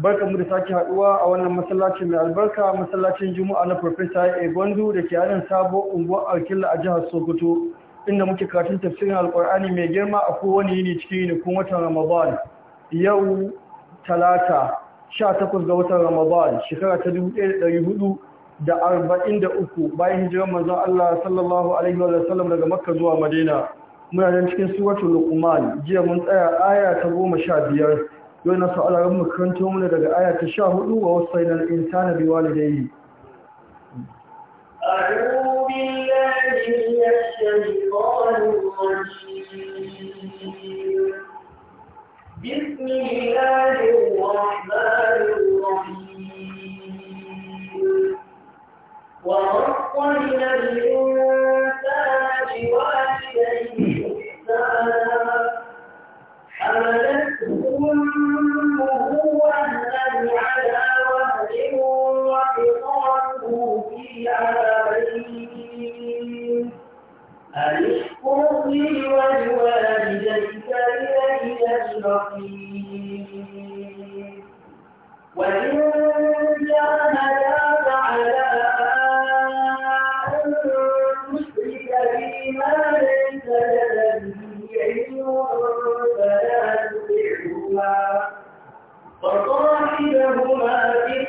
mu da sake haduwa a wannan masallacin mai albarka masallacin juma'a na professor a gwandu da ke yanin sabo unguwar alkilla a jihar sokoto inda muke karatun tafsirin alkur'ani mai girma a kowane yini cikin yinikun watan ramadan yau talata 18 ga watan ramadan shekara ta 1443 bayan hijirar manzon allah sallallahu alaihi wa sallam daga makka zuwa madina muna nan cikin suratul luqman jiya mun tsaya aya ta goma sha biyar yau na fa’ala ga makaranta wani daga ayata sha hudu a wasu sainar insana bi wani da yi وَأَقْوَلِنَا الْإِنْسَانَ بِوَاشِدَيْهِ إِسْنَانًا حملته أمه وهنا على وهن وفصاله في عامين أن اشكر لي ولوالديك إلي المصير وإن جاهداك على أن تشرك بما ليس شيء فلا تطعهما وصاحبهما في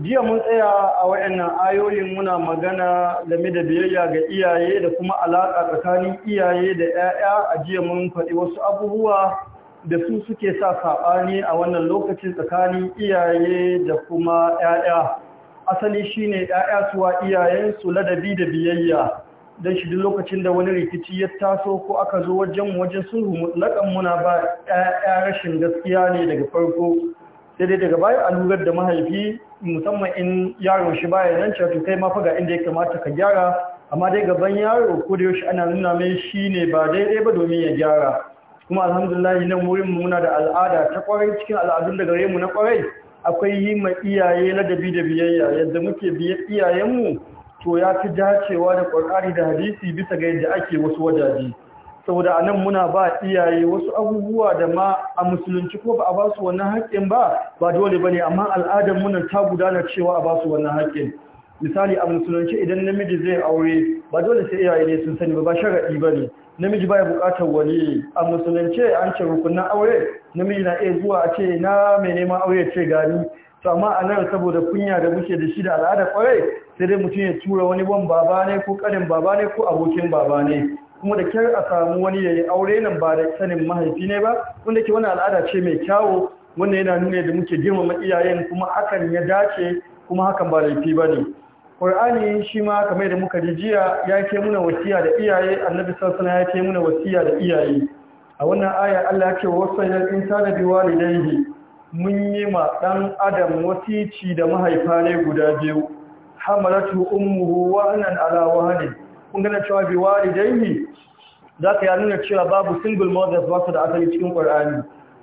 jiya mun tsaya a wayannan ayoyin muna magana game da biyayya ga iyaye da kuma alaƙa tsakanin iyaye da 'ya'ya a jiya mun faɗi wasu abubuwa da su suke sa saɓani a wannan lokacin tsakanin iyaye da kuma 'ya'ya asali shine 'ya'ya suwa iyayensu ladabi da biyayya don shi duk lokacin da wani rikici ya taso ko aka zo wajen wajen sulhu mutlaƙan muna ba 'ya'ya rashin gaskiya ne daga farko sai dai daga baya a lura da mahaifi musamman in yaro shi baya nan cewa to kai ma fa ga inda ya kamata ka gyara amma dai gaban yaro ko da yaushe ana nuna mai ne ba daidai ba domin ya gyara kuma alhamdulillah nan wurin mu muna da al'ada ta kwarai cikin al'adun da gare mu na kwarai akwai yi ma iyaye ladabi da biyayya yadda muke biye iyayenmu to ya fi dacewa da ƙwarƙari da hadisi bisa ga yadda ake wasu wajaji. saboda anan muna ba iyaye wasu abubuwa da ma a musulunci ko ba a ba su wannan haƙƙin ba ba dole ba ne amma al'adar muna ta gudana cewa a ba su wannan haƙƙin misali a musulunci idan namiji zai aure ba dole sai iyaye ne sun sani ba ba sharaɗi ba ne namiji baya buƙatar wani a musulunci an ce rukunin aure namiji na iya zuwa a ce na mai neman aure ce gari. to amma a nan saboda kunya da muke da shi da al'ada kwarai sai dai mutum ya tura wani ban baba ne ko ƙarin baba ne ko abokin baba ne kuma da kyar a samu wani ya yi aure nan ba da sanin mahaifi ne ba wanda ke wani al'ada ce mai kyawo wanda yana nuna da muke girmama iyayen kuma hakan ya dace kuma hakan ba laifi ba ne Ƙur'ani shi ma kamar da muka ji jiya ya ke muna wasiya da iyaye annabi Sassana ya ke muna wasiya da iyaye a wannan aya Allah ya ce wasayal insana dangi mun yi ma dan adam wasici da mahaifa ne guda biyu hamalatu ummuhu wa alawa ne. kun gana cewa bi walidayhi za ka yanuna nuna cewa babu single mothers ba su da asali cikin ƙwar'ani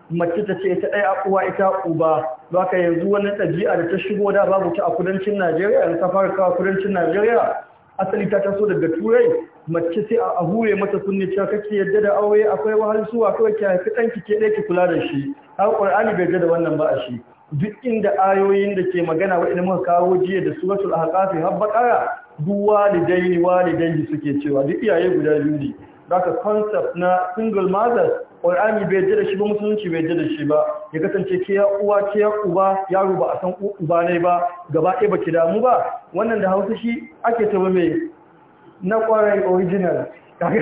mace ta ce ita ɗaya uwa ita uba ba ka yanzu wani ɗabi'a da ta shigo da babu ta a kudancin Najeriya yanzu ta fara kawo kudancin Najeriya asali ta taso daga turai mace sai a hure mata kunne cewa kake yadda da aure akwai wahal suwa kawai ki haifi ɗanki ke ɗaya ki kula da shi har ƙwar'ani bai yadda da wannan ba a shi duk inda ayoyin da ke magana waɗanda muka kawo jiya da suratul ahqaf har bakara duk walidaini dangi suke cewa duk iyaye guda biyu ne daga concept na single mothers Qur'ani bai jira shi ba musulunci bai jira shi ba ya kasance ke ya uwa ke ya uba yaro ba a san uba ne ba gaba ɗaya baki damu ba wannan da Hausa shi ake taba mai na kwarai original kaga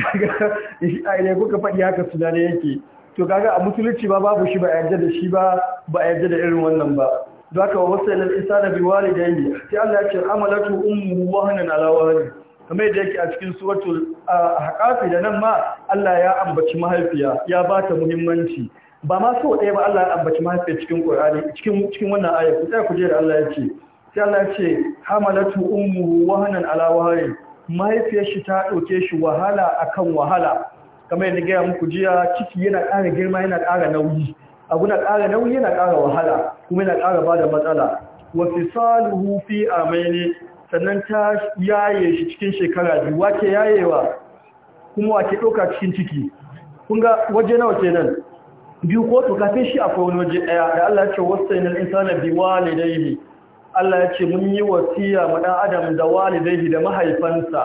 kaga kuka faɗi haka tunane yake to kaga a musulunci ba babu shi ba yarda da shi ba ba yarda da irin wannan ba zaka wasa lil insana bi walidayhi sai Allah ya ce amalatu ummuhu wahnan ala wahni kamar yadda yake a cikin suratul haƙafi da nan ma Allah ya ambaci mahaifiya ya bata muhimmanci ba ma so ɗaya ba Allah ya ambaci mahaifiya cikin Qur'ani cikin wannan aya ku tsaya ku je da Allah ya ce sai Allah ya ce hamalatu ummuhu wahnan ala wahni mahaifiyar shi ta dauke shi wahala akan wahala kamar yadda gaya muku jiya ciki yana ƙara girma yana ƙara nauyi abu na ƙara nauyi yana ƙara wahala kuma yana ƙara ba da matsala Wasu hufi fi maini sannan ta yaye shi cikin shekara biyu wake yayewa kuma wake ɗauka cikin ciki kun ga waje nawa nan? biyu ko to kafin shi akwai wani waje ɗaya da Allah ya ce wasu biyu, insana bi walidayhi Allah ya ce mun yi wasiya ma ɗan adam da walidayhi da mahaifansa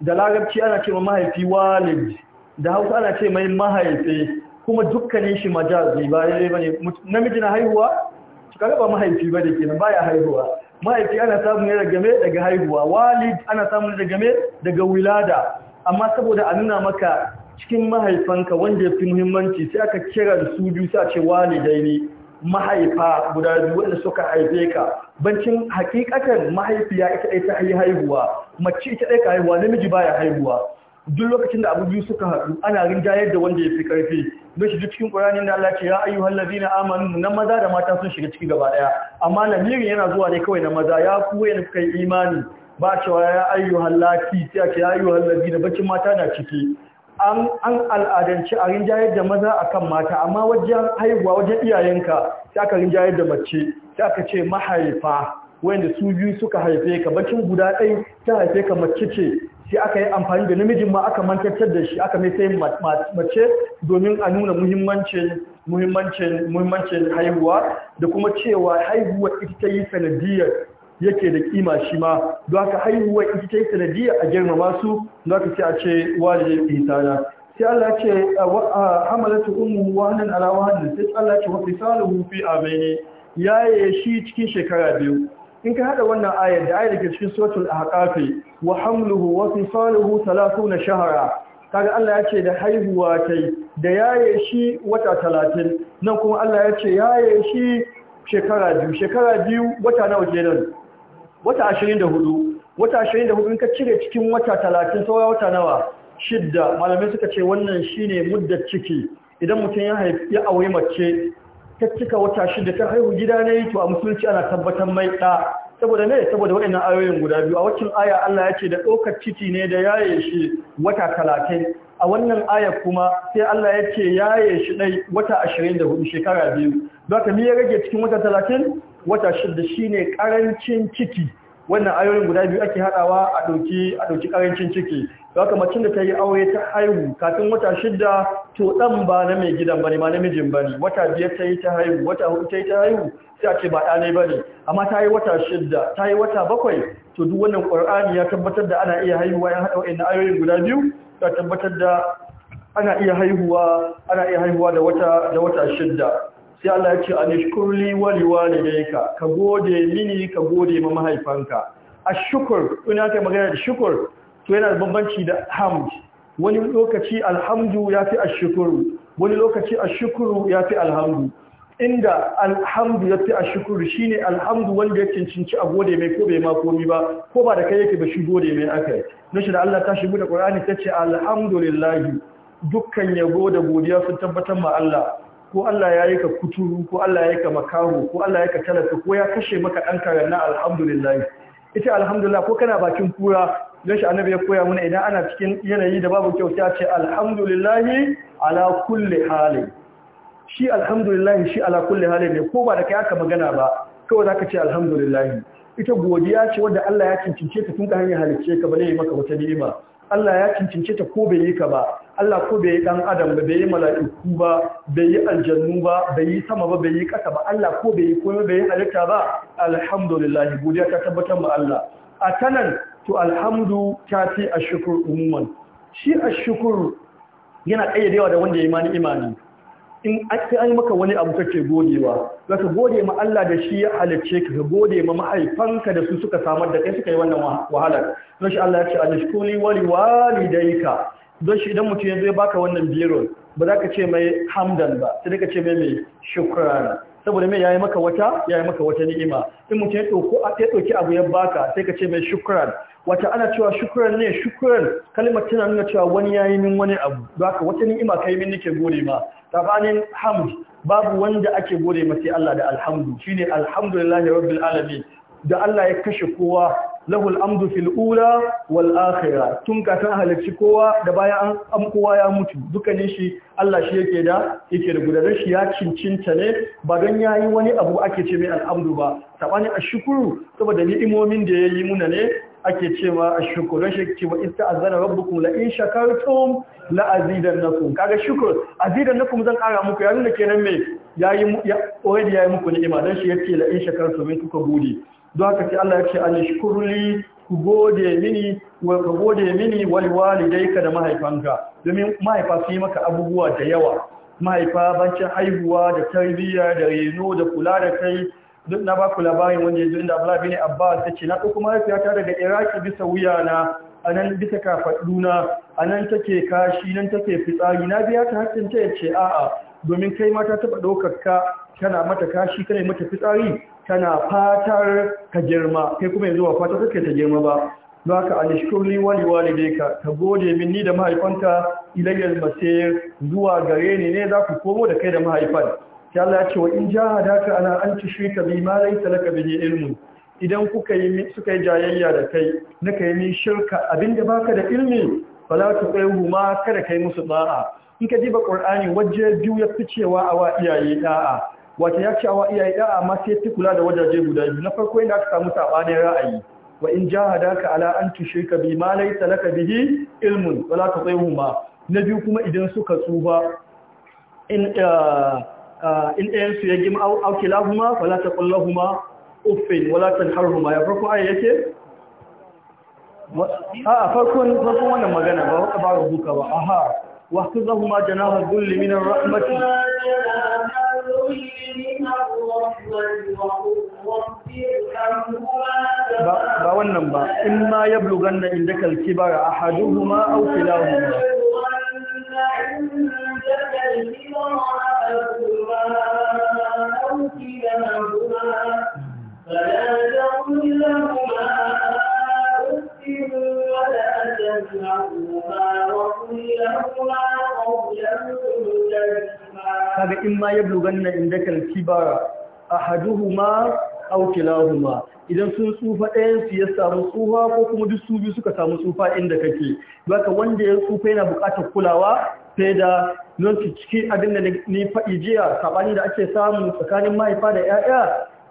da larabci ana ce mahaifi wale. da hausa ana ce mai mahaifi kuma dukkanin shi majazi ba ne namiji na haihuwa kaga ba mahaifi ba da kenan baya haihuwa mahaifi ana samun ne daga me daga haihuwa walid ana samun daga me daga wilada amma saboda a nuna maka cikin mahaifanka wanda ya muhimmanci sai aka kira su biyu sai a ce walidai ne mahaifa guda biyu wanda suka haife ka bancin hakikatan mahaifiya ita ita ta haihuwa mace ita ɗaya ka haihuwa namiji baya haihuwa duk lokacin da abu biyu suka haɗu ana rinjayar da wanda ya fi ƙarfi don shi duk cikin ƙuranin da Allah ce ya ayyu hallazi na amanu na maza da mata sun shiga ciki gaba ɗaya amma lamirin yana zuwa ne kawai na maza ya ku yana kuka imani ba cewa ya ayyu hallaki sai a ya ayyu hallazi na bacin mata na ciki an al'adance a rinjayar da maza akan mata amma wajen haihuwa wajen iyayenka sai aka rinjayar da mace sai aka ce mahaifa wanda su biyu suka haife ka bacin guda ɗaya ta haife ka mace ce sai aka yi amfani da namijin ma aka mantattar da shi aka mai sayin mace domin a nuna muhimmancin haihuwa da kuma cewa haihuwa ita ta yi sanadiyar yake da kima shi ma don haka haihuwa ita ta yi sanadiyar a girmama su za ka sai a ce waje fitana. sai Allah ce hamalatu ummu wahnan ala wahnan sai Allah ce wa fisaluhu fi abaini yaye shi cikin shekara biyu in ka hada wannan ayar da ayar ke cikin suratul ahqafi wa hamluhu wa fisaluhu 30 shahara kaga Allah ya ce da haihuwa tai da yaye shi wata 30 nan kuma Allah ya ce yaye shi shekara biyu shekara biyu wata nawa kenan wata 24 wata 24 in ka cire cikin wata 30 saura wata nawa shidda malamai suka ce wannan shine muddar ciki idan mutum ya haifi ya aure mace ta cika wata shida ta haihu gida ne to a musulunci ana tabbatar mai ɗa saboda ne saboda waɗannan ayoyin guda biyu a waccan aya Allah ya ce da ɗaukar ciki ne da yaye shi wata talatin a wannan aya kuma sai Allah ya ce yaye shi ɗai wata ashirin da hudu shekara biyu don ka ya rage cikin wata talatin wata shida shine ƙarancin ciki wannan ayoyin guda biyu ake haɗawa a ɗauki a ɗauki ƙarancin ciki haka macin da ta yi aure ta haihu kafin wata shidda to ɗan ba na mai gidan bane ba na mijin bane wata biyar ta yi ta haihu wata hudu ta yi ta haihu sai a ce ba ɗanai bane amma ta yi wata shidda ta yi wata bakwai to duk wannan qur'ani ya tabbatar da ana iya haihuwa ya haɗa wa'annan ayoyin guda biyu ya tabbatar da ana iya haihuwa ana iya haihuwa da wata da wata shidda sai Allah ya ce anishkurli wa yaka ka gode mini ka gode ma mahaifanka ashukur ina kai magana da shukur to yana da bambanci da hamd wani lokaci alhamdu yafi ashkuru wani lokaci ya yafi alhamdu inda alhamdu ya fi a shukuru shi alhamdu wanda ya cincinci a gode mai ko bai ma komi ba ko ba da kai yake ba shi gode mai aka yi shi da Allah ta shigo da Qur'ani ta ce alhamdulillahi dukkan yabo da godiya sun tabbatar ma Allah ko Allah ya yi ka kuturu ko Allah ya yi ka makaho ko Allah ya ka talaka ko ya kashe maka ɗan na alhamdulillah ita alhamdulillah ko kana bakin kura shi annabi ya koya mana idan ana cikin yanayi da babu kyauta ce alhamdulillah ala kulli hali shi alhamdulillah shi ala kulli hali ne ko ba da kai aka magana ba kawai zaka ce alhamdulillah ita godiya ce wanda Allah ya cincince ta tun ka hanyar halicce ka bane maka wata ni'ima Allah ya cincince ta ko bai yi ka ba Allah ko bai yi dan adam ba bai yi mala'iku ba bai yi aljannu ba bai yi sama ba bai yi ƙasa ba Allah ko bai yi komai bai yi halitta ba alhamdulillah godiya ta tabbatar ma Allah a tanan to alhamdu ta fi ashkur umuman shi ashkur yana kayyadewa da wanda ya imani imani in sai an maka wani abu kake godewa zaka gode ma Allah da shi ya halicce ka ka gode ma mahaifanka da su suka samar da kai suka yi wannan wahala. don shi Allah ya ce alishkuli wali walidayka don shi idan mutum ya zo ya baka wannan biron ba za ka ce mai hamdan ba sai ka ce mai mai shukran saboda mai yayi maka wata yayi maka wata ni'ima in mutum ya dauko ya dauki abu ya baka sai ka ce mai shukran wata ana cewa shukran ne shukran kalmar tana nuna cewa wani yayi min wani abu ka wata ni'ima kai min nake gode ma tafanin hamd babu wanda ake gode masu sai Allah da alhamdu shine alhamdulillahi rabbil alamin da Allah ya kashe kowa lahul amdu fil ula wal akhirah tun kafin halarci kowa da bayan an kowa ya mutu dukkanin shi Allah shi yake da yake da gudanar shi ya cincinta ne ba don yayi wani abu ake ce mai al'amdu ba tabani ashkuru saboda ni'imomin da yayi muna ne ake ce ashkuru shi ce wa azana rabbukum la in shakartum la azidannakum kaga shukr azidannakum zan kara muku ya nuna kenan me yayi already yayi muku ni'ima dan shi yake la in shakartum kuka gode don haka ce Allah ya ce alishkurli ku gode mini wa ku gode mini wal walidayka da mahaifanka domin mahaifa su yi maka abubuwa da yawa mahaifa bancin haihuwa da tarbiyya da reno da kula da kai duk na ba ku labarin wanda yanzu inda Abdullahi bin Abbas ya ce na ya mahaifiyata daga Iraki bisa wuya na nan bisa kafaɗuna a nan take kashi nan take fitsari na biya ta hakkin ta ya ce a'a domin kai ma ta taɓa ka kana mata kashi kana mata fitsari Kana fatar ka girma kai kuma yanzu ba fatar kake ta girma ba baka alishkurli wali walidayka ka Ka gode min ni da mahaifanka ilayyal masir zuwa gare ni ne za ku komo da kai da mahaifan sai Allah ya ce wa in jahadaka ana an tushrika bi ma laysa laka bihi ilmu idan kuka yi suka yi jayayya da kai naka yi min shirka abinda baka da ilmi fala hu ma kada kai musu ba'a. in ka ji ba qur'ani waje biyu ya fi a wa iyaye ɗa'a. wata ya ce awa iyaye da'a amma sai ta kula da wajaje guda biyu na farko inda aka samu sabanin ra'ayi wa in jahadaka ala an tushrika bi ma laysa laka bihi ilmun wala tuṭihuma na biyu kuma idan suka tsuba in uh, uh, in ɗayan su ya gima auki lahuma wala ta taqul huma uffin wala ta har huma. ya farko aya yake a farkon farkon wannan magana ba wata ba rubuka ba aha wa khudhahuma janaha dhulli min ar-rahmati ba wannan ba in ma ya blugan na inda kalki ba a hadu ma au filahu kaga in ma ya blugan na inda kalki ba ahaduhuma aw kilahuma idan sun tsufa ɗayan su ya samu tsufa ko kuma duk su biyu suka samu tsufa inda kake baka wanda ya tsufa yana bukatar kulawa sai da cikin abin da ni faɗi jiya sabani da ake samu tsakanin mahaifa da 'ya'ya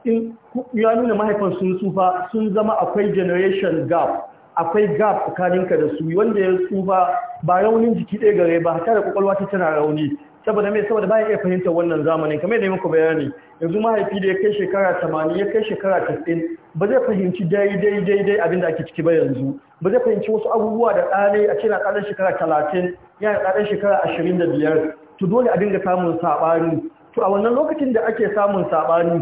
in ya nuna mahaifan sun tsufa sun zama akwai generation gap akwai gap tsakaninka da su wanda ya tsufa ba raunin jiki ɗaya gare ba tare da kwakwalwa ta tana rauni saboda mai saboda bayan iya fahimtar wannan zamanin kamar da muku bayani yanzu mahaifi da ya kai shekara tamanin ya kai shekara tasirin ba zai fahimci daidai daidai abin da ake ciki ba yanzu ba zai fahimci wasu abubuwa da ɗane a cikin na shekara shekara ya yana ɗaɗan shekara ashirin da biyar, to dole abin dinga samun saɓani to a wannan lokacin da ake samun saɓani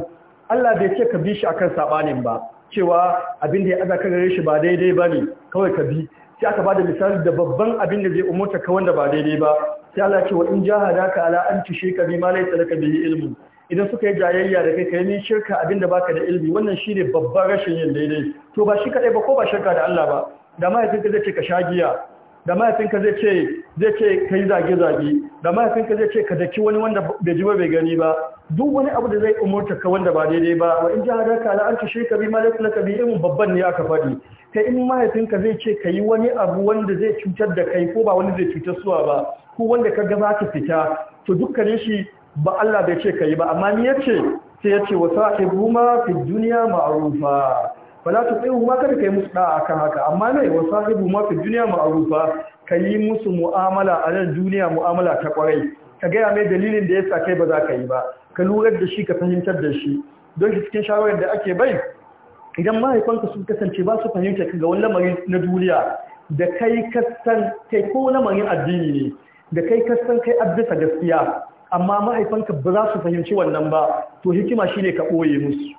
Allah bai ce ka bi shi akan saɓanin ba cewa abin da ya aza ka gare shi ba daidai ba ne kawai ka bi sai aka bada misali da babban abin da zai umurta ka wanda ba daidai ba sai Allah ce wa in ka ala an bi ma laysa laka bihi ilmu. idan suka yi jayayya da kai kai ne shirka abin da baka da ilmi wannan shine babban rashin yin daidai to ba shi kadai ba ko ba shirka da Allah ba da yake zai ce ka sha giya da mahaifinka zai ce zai ce zage-zage da mahaifinka zai ce ka daki wani wanda bai ji bai gani ba duk wani abu da zai umurta ka wanda ba daidai ba wa in ji hadaka ka an kishe ka bi laifin laka bi in babban ne aka faɗi ka in mahaifinka zai ce ka yi wani abu wanda zai cutar da kai ko ba wani zai cutar suwa ba ko wanda ka ga ka fita to dukkanin shi ba Allah bai ce ka yi ba amma ni ya ce. sai ya yace wa ibu ma fi duniya ma'rufa fala tu tsayu ma kada kai musu da'a akan haka amma ne wa sahibu ma fi duniya ma'rufa ka yi musu mu'amala a nan duniya mu'amala ta kwarai ka gaya mai dalilin da ya sa kai ba za ka yi ba ka lura da shi ka fahimtar da shi don shi cikin shawarar da ake bai idan mahaifanka sun kasance ba su fahimta ka ga wani lamarin na duniya da kai san kai ko lamarin addini ne da kai san kai addisa gaskiya amma mahaifanka ba za su fahimci wannan ba to hikima shine ka ɓoye musu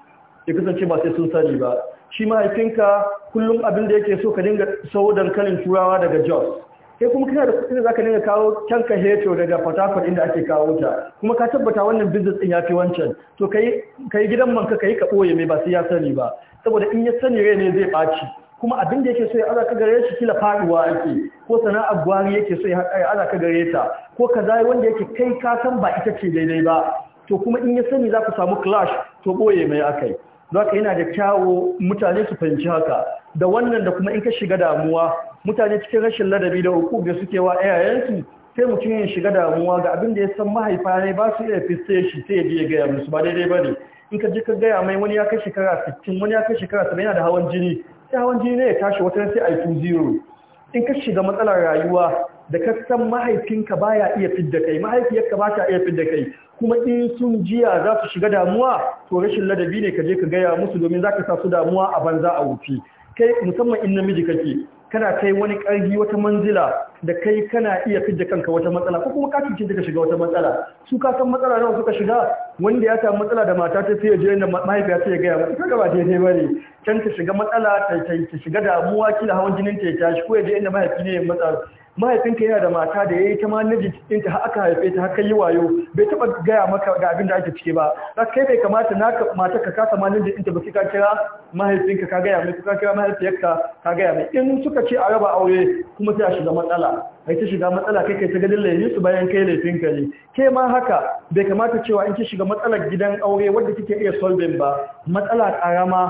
ya kasance ba sai sun sani ba shi mahaifinka kullum abin da yake so ka dinga sau dankalin turawa daga jos sai kuma kana da da za ka dinga kawo kyanka heto daga fatakwal inda ake kawo ta kuma ka tabbata wannan business ɗin ya fi wancan to ka yi gidan manka ka yi ka ɓoye mai ba sai ya sani ba saboda in ya sani rai ne zai ɓaci kuma abin da yake so ya aza ka gare shi kila faɗuwa ake ko sana'ar gwari yake so ya aza ka gare ta ko kaza wanda yake kai ka san ba ita ce daidai ba to kuma in ya sani za ku samu clash to ɓoye mai akai zaka yana da kyawo mutane su fahimci haka da wannan da kuma in ka shiga damuwa mutane cikin rashin ladabi da uku da suke wa iyayensu sai mutum ya shiga damuwa ga abin da ya san mahaifa ne ba su iya fiste shi sai ya je ya gaya musu ba daidai ba ne in ka je ka gaya mai wani ya kai shekara 60 wani ya kai shekara 70 yana da hawan jini sai hawan jini ne ya tashi wata sai a yi 2 in ka shiga matsalar rayuwa da kasan mahaifinka baya iya fidda kai mahaifiyarka ba ta iya fidda kai kuma in sun jiya za su shiga damuwa to rashin ladabi ne ka je ka gaya musu domin za ka sa su damuwa a banza a wuce kai musamman in namiji kake kana kai wani kargi wata manzila da kai kana iya fidda kanka wata matsala ko kuma ka cuce ka shiga wata matsala su ka san matsala nawa suka shiga wanda ya samu matsala da mata ta sai ya je da mahaifiya ta ya gaya mata kaga ba daidai bane can ta shiga matsala ta shiga damuwa kila hawan jinin ta ya tashi ko ya je inda mahaifi ne ya matsala. mahaifinka yana da mata da ya yi ta manajin cikinta har aka haife ta har yi wayo bai taba gaya maka ga abin da ake ciki ba za kai bai kamata naka mata ka kasa manajin ɗinta ba sai ka kira mahaifinka ka gaya mai ka kira mahaifiyarka ka gaya mai in suka ce a raba aure kuma sai shiga matsala ai ta shiga matsala kai kai ta gadin laifin su bayan kai laifin ka ne ke ma haka bai kamata cewa in ki shiga matsalar gidan aure wadda kike iya solving ba matsala karama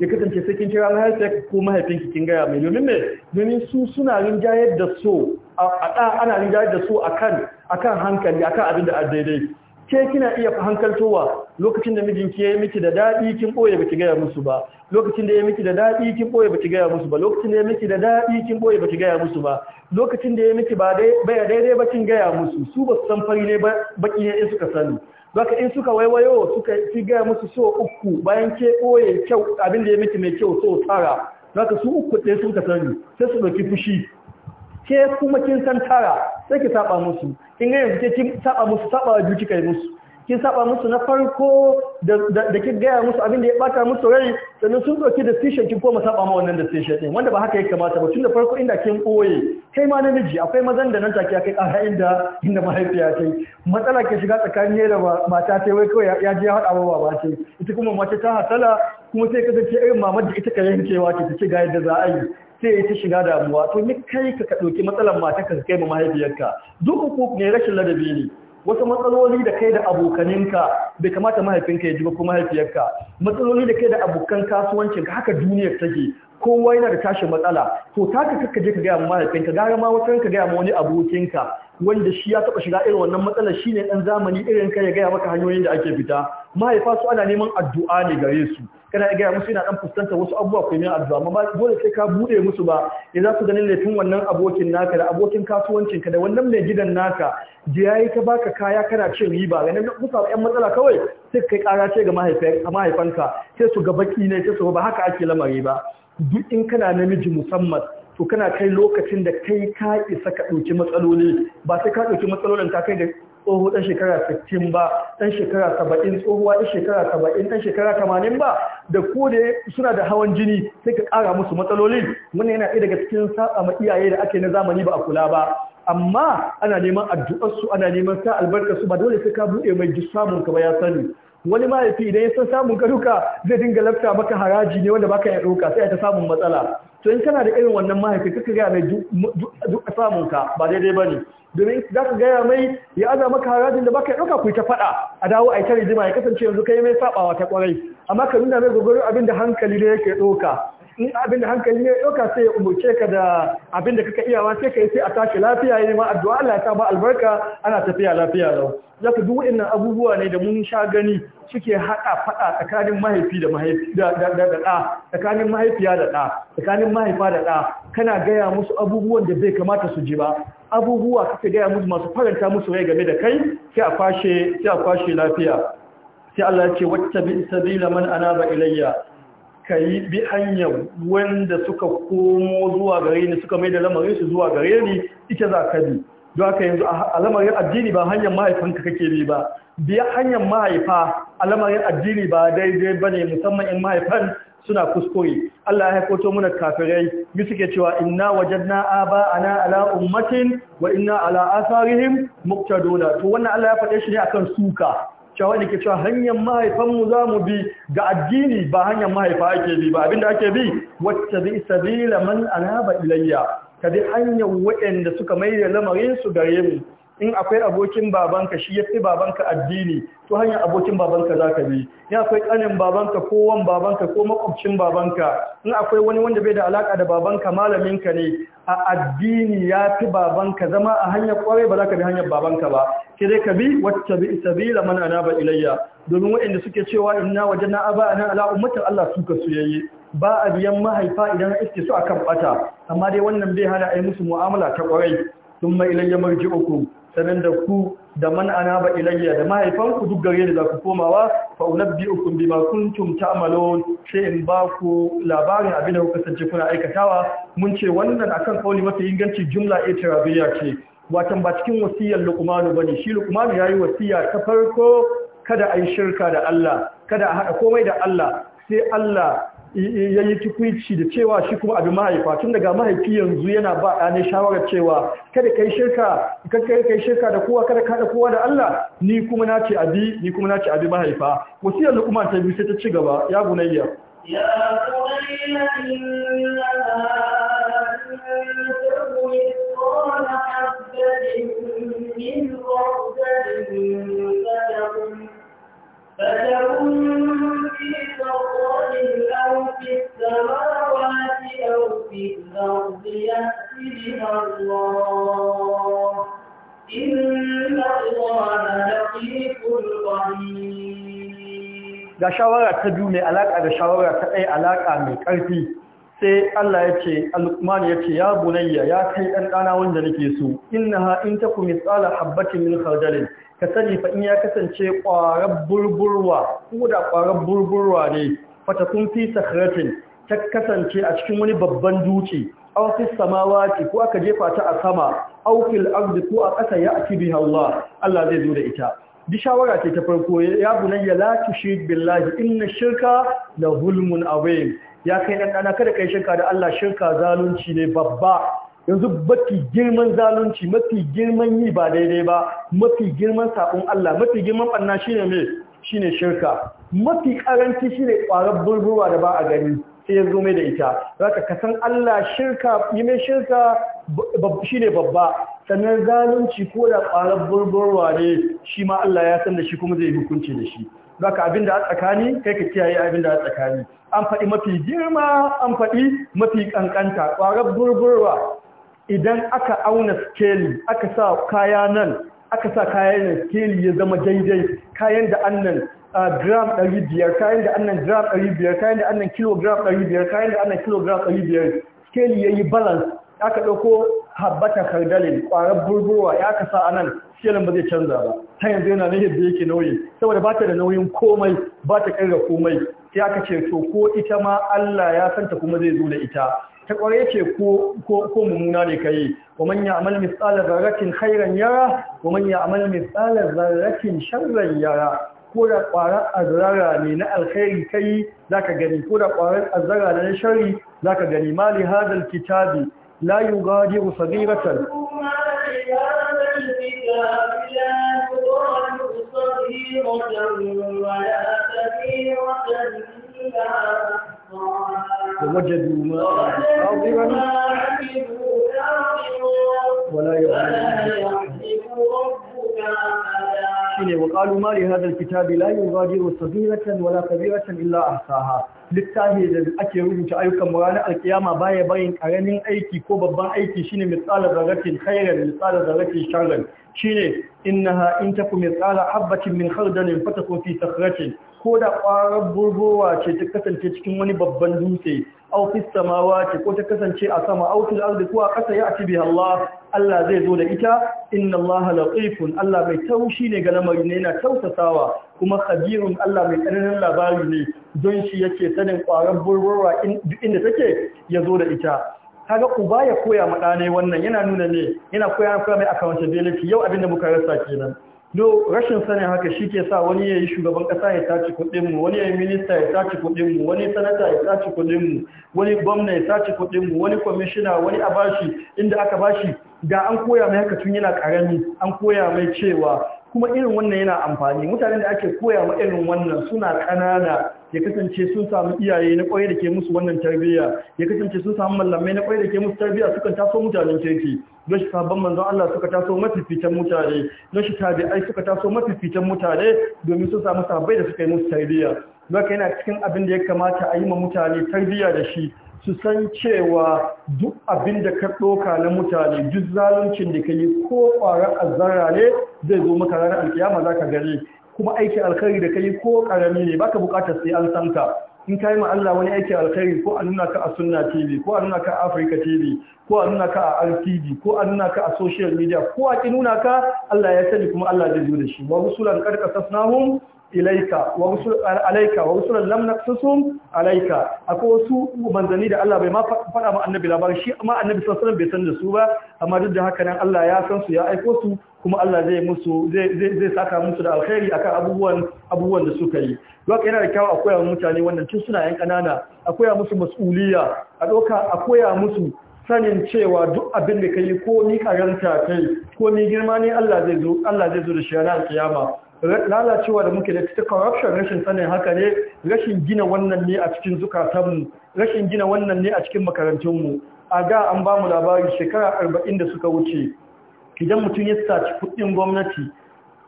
ya kasance sai kin kira mahaifiyar ko mahaifin kin gaya mai domin me domin su suna rinjayar da so a da ana rinjayar da so akan akan hankali akan abin da daidai ke kina iya hankaltowa lokacin da mijinki ya yi miki da daɗi kin ɓoye baki gaya musu ba lokacin da ya miki da daɗi kin ɓoye baki gaya musu ba lokacin da ya miki da daɗi kin ɓoye baki gaya musu ba lokacin da ya miki ba ya daidai ba kin gaya musu su ba su san fari ne baki ne in suka sani baka in suka waiwayo suka fi gaya musu so uku bayan ke ɓoye kyau abin da ya miki mai kyau so tara baka su uku ɗaya ka sani sai su ɗauki fushi ke kuma kin san tara sai ki saba musu kin ga yanzu kin saba musu saba wa kika yi musu kin saba musu na farko da kin gaya musu abin da ya bata musu rai sannan sun da station kin koma saba ma wannan station din wanda ba haka ya kamata ba tun da farko inda kin koye kai ma namiji akwai mazan da nan take kai kara inda inda mahaifiya ta matsala ke shiga tsakanin da mata ta wai kai ya je ya hada ba ba ce ita kuma mace ta hasala kuma sai kasance irin mamar da ita ka yankewa ce ta ci ga yadda za a yi sai ya ta shiga damuwa to ni kai ka ka dauki matsalar mata ka kai ma mahaifiyarka duk ku ne rashin ladabi ne wasu matsaloli da kai da abokaninka bai kamata mahaifinka ya ji ba ko mahaifiyarka matsaloli da kai da abokan ka haka duniyar take kowa yana da tashin matsala to taka kakka je ka ga ma mahaifinka gara ma wata ka gaya ma wani abokinka wanda shi ya taba shiga irin wannan matsalar shine dan zamani irin ka ya gaya maka hanyoyin da ake fita mahaifa su ana neman addu'a ne gare su kana ga musu yana dan fuskanta wasu abubuwa ko mai addu'a amma dole sai ka bude musu ba ya za su ganin laifin wannan abokin naka da abokin kasuwancin ka da wannan mai gidan naka je yayi ka baka kaya kana cin riba ga nan kusa yan matsala kawai sai kai kara ce ga mahaifanka sai su ga baki ne sai su ba haka ake lamari ba duk in kana namiji musamman to kana kai lokacin da kai ka isa ka dauki matsaloli ba sai ka dauki matsalolin ta kai da tsoho ɗan shekara 60 ba ɗan shekara 70 tsohuwa ɗan shekara 70 ɗan shekara 80 ba da ko suna da hawan jini sai ka ƙara musu matsaloli wannan yana ɗaya daga cikin saba ma iyaye da ake na zamani ba a kula ba amma ana neman addu'arsu ana neman sa albarkarsu ba dole sai ka buɗe mai duk samun ka ba ya sani wani mahaifi idan ya san samun ka duka zai dinga lafta maka haraji ne wanda baka ya ɗauka sai ta samun matsala to in kana da irin wannan mahaifi kaka gaya mai duk samun ka ba daidai ba ne domin za ka gaya mai ya aza maka harajin da baka ɗauka ku ta faɗa a dawo a ita rijima ya kasance yanzu ka yi mai saɓawa ta ƙwarai amma ka nuna mai gwagwarin abin da hankali da yake ɗauka in abin da hankali ne ɗauka sai ya umarce ka da abin da kaka iyawa sai ka yi sai a tashi lafiya ya ma addu'a Allah ya ba albarka ana tafiya lafiya lau ka duk waɗannan abubuwa ne da mun sha gani suke haɗa faɗa tsakanin mahaifi da mahaifi da ɗa tsakanin mahaifiya da ɗa tsakanin mahaifa da ɗa kana gaya musu abubuwan da bai kamata su ji ba abubuwa kake gaya musu masu faranta musu rai game da kai sai a kwashe lafiya sai Allah ya ce wacce bi sabila man anaba ilayya suka yi bi hanyar wanda suka komo zuwa gare ni suka mai da lamarin su zuwa gare ni ita za ka bi don haka yanzu a lamarin addini ba hanyar mahaifanka kake bi ba biya hanyar mahaifa a lamarin addini ba daidai ba ne musamman in mahaifan suna kuskure Allah ya haifoto muna kafirai mu suke cewa inna wajadna aba ana ala ummatin wa inna ala asarihim muqtaduna to wannan Allah ya faɗe shi ne akan suka cewa da ke cewa hanyar mahaifanmu za mu bi ga addini ba hanyar mahaifa ake bi ba abinda ake bi wacce zai sabila man anaba ilayya ka bi hanyar waɗanda suka mai da lamarin su gare mu in akwai abokin babanka shi ya fi babanka addini to hanyar abokin babanka za ka bi in akwai kanin babanka ko wan babanka ko makwabcin babanka in akwai wani wanda bai da alaka da babanka malaminka ne a addini ya fi babanka zama a hanyar kwarai ba za ka bi hanyar babanka ba ke dai ka bi wacce bi sabila man anaba ilayya domin waɗanda suke cewa inna wajanna aba na ala ummatin Allah suka su yi. ba a biyan mahaifa idan iske su akan bata amma dai wannan bai hana a yi musu mu'amala ta kwarai ثم mai ilayya uku. sanan da ku da man ba ilayya da mahaifanku duk gare ni za ku komawa fa ukum bima kuntum ta'malun sai in ba ku labarin abin da kuka kasance kuna aikatawa mun ce wannan akan kauli mafi inganci jumla tarabiyya ce watan ba cikin wasiyar ba ne. shi ya yi wasiya ta farko kada a shirka da Allah kada a haɗa komai da Allah sai Allah ya yi tukwici da cewa shi kuma abin mahaifa tun daga mahaifi yanzu yana ba a ne shawarar cewa kada kai shirka kada kai shirka da kowa kada kada kowa da Allah ni kuma na ce abi ni kuma na ce abi mahaifa wasiyar kuma ta biyu sai ta ci gaba ya gunayya ya bunayya مخرج shawara ta biyu mai alaƙa da shawara ta ɗaya alaƙa mai ƙarfi sai Allah ya ce al ya ce ya bunayya ya kai dan dana wanda nake so innaha in takum misala habatin min khardalin ka sani fa in ya kasance kwarar burburwa ko da kwarar burburwa ne fata kun fi sakhratin ta kasance a cikin wani babban duci aw fi samawati ko aka jefa ta a sama aw fil ardi ko a ƙasa ya ati biha Allah Allah zai zo da ita bi shawara ce ta farko ya bunayya la tushrik billahi inna shirka la zulmun azim ya kai nan ɗana kada kai shirka da Allah shirka zalunci ne babba yanzu mafi girman zalunci mafi girman yi ba daidai ba mafi girman saƙon Allah mafi girman ɓanna ne mai ne shirka mafi ƙaranci shi ne ƙwarar burbuwa da ba a gani sai ya zo mai da ita Za ka san Allah shirka yi mai shirka shi ne babba sannan zalunci ko da ƙwarar burbuwa ne shi ma Allah ya san da shi kuma zai hukunci da shi Za ka abin da a tsakani kai ka kiyaye abin da a tsakani an faɗi mafi girma an faɗi mafi ƙanƙanta ƙwarar burburwa idan aka auna skeli aka sa kaya nan aka sa kaya nan skeli ya zama daidai kayan da annan gram 500 kayan da annan gram 500 kayan da annan kilogram 500 kayan da annan kilogram 500 skeli ya yi balance aka ɗauko habbatar kardalin ƙwarar burburwa ya aka sa anan siyalan ba zai canza ba ta yanzu yana na yadda yake nauyi saboda ba ta da nauyin komai ba ta ƙirga komai sai aka ce to ko ita ma Allah ya santa kuma zai zo da ita ta kware yake ko ko ko mummuna ne kai wa man ya'mal mithqala dharratin khairan yara wa man ya'mal mithqala dharratin sharran yara ko da kwarar azrara ne na alkhairi kai zaka gani ko da kwarar azrara ne na sharri zaka gani mali hadal kitabi la yughadiru saghiratan كبيرة ولا كبيرة إلا ووجدوا ما عملوا ولا يعلمون وقالوا ما لهذا الكتاب لا يغادر صغيرة ولا كبيرة إلا أحصاها littafi da ake rubuta ayyukan mu ranar alkiyama baya bayin karamin aiki ko babban aiki shine misalar zarratin khairan misalar zarratin sharran shine innaha in taku tsara habatin min khardalin fatakun fi sakhratin ko da kwarar burgowa ce ta kasance cikin wani babban dutse aw fi samawa ce ko ta kasance a sama aw fil ardi ko a ƙasa ya ati biha Allah Allah zai zo da ita inna Allah laqifun Allah mai taushi ne ga lamari yana tausasawa kuma khabirun Allah mai tsananin labari ne don shi yake sanin kwarar burgowa inda take ya zo da ita kaga uba ya koya ma dane wannan yana nuna ne yana koya koya mai accountability yau abinda muka rasa kenan do rashin sanin haka shi ke sa wani ya yi shugaban kasa ya taci kuɗinmu wani ya yi minista ya taci kuɗinmu wani sanata ya taci mu wani gwamna ya taci mu wani kwamishina wani a bashi inda aka bashi da an koya mai haka tun yana karami an koya mai cewa kuma irin wannan yana amfani mutanen da ake koya ma irin wannan suna kanana ya kasance sun samu iyaye na kwaye da ke musu wannan tarbiyya ya kasance sun samu mallamai na kwaye da ke musu tarbiyya suka taso mutanen kirki don shi sabon manzon Allah suka taso mafificen mutane don shi tabi'ai suka taso mafificen mutane domin sun samu sabai da suka yi musu tarbiyya zaka yana cikin abin da ya kamata a yi ma mutane tarbiyya da shi su san cewa duk abin da ka ɗoka na mutane duk zaluncin da ka yi ko ƙwarar azara ne zai zo maka ranar alkiyama za ka gani kuma aikin alkhairi da kai ko karami ne baka bukatar sai an san ka in kai ma Allah wani aikin alkhairi ko a nuna ka a Sunna TV ko a nuna ka a Africa TV ko a nuna ka a RTV ko a nuna ka a social media ko a ki nuna ka Allah ya sani kuma Allah zai zo da shi wa rusulan qad qasasnahum ilaika wa rusul alaika wa rusul lam naqsusum alaika akwai wasu manzanni da Allah bai ma faɗa ma annabi labarin shi amma annabi sallallahu alaihi wasallam bai san da su ba amma duk da haka nan Allah ya san su ya aiko su kuma Allah zai musu zai zai saka musu da alkhairi akan abubuwan abubuwan da suka yi doka yana da kyau a koya mutane wannan tun suna yan kanana a koya musu mas'uliya a doka a koya musu sanin cewa duk abin da kai ko ni karanta kai ko ni girma ne Allah zai zo Allah zai zo da shi ranar kiyama lalacewa da muke da ta corruption rashin sanin haka ne rashin gina wannan ne a cikin zukatanmu rashin gina wannan ne a cikin makarantunmu a ga an ba mu labari shekara arba'in da suka wuce idan mutum ya saci kudin gwamnati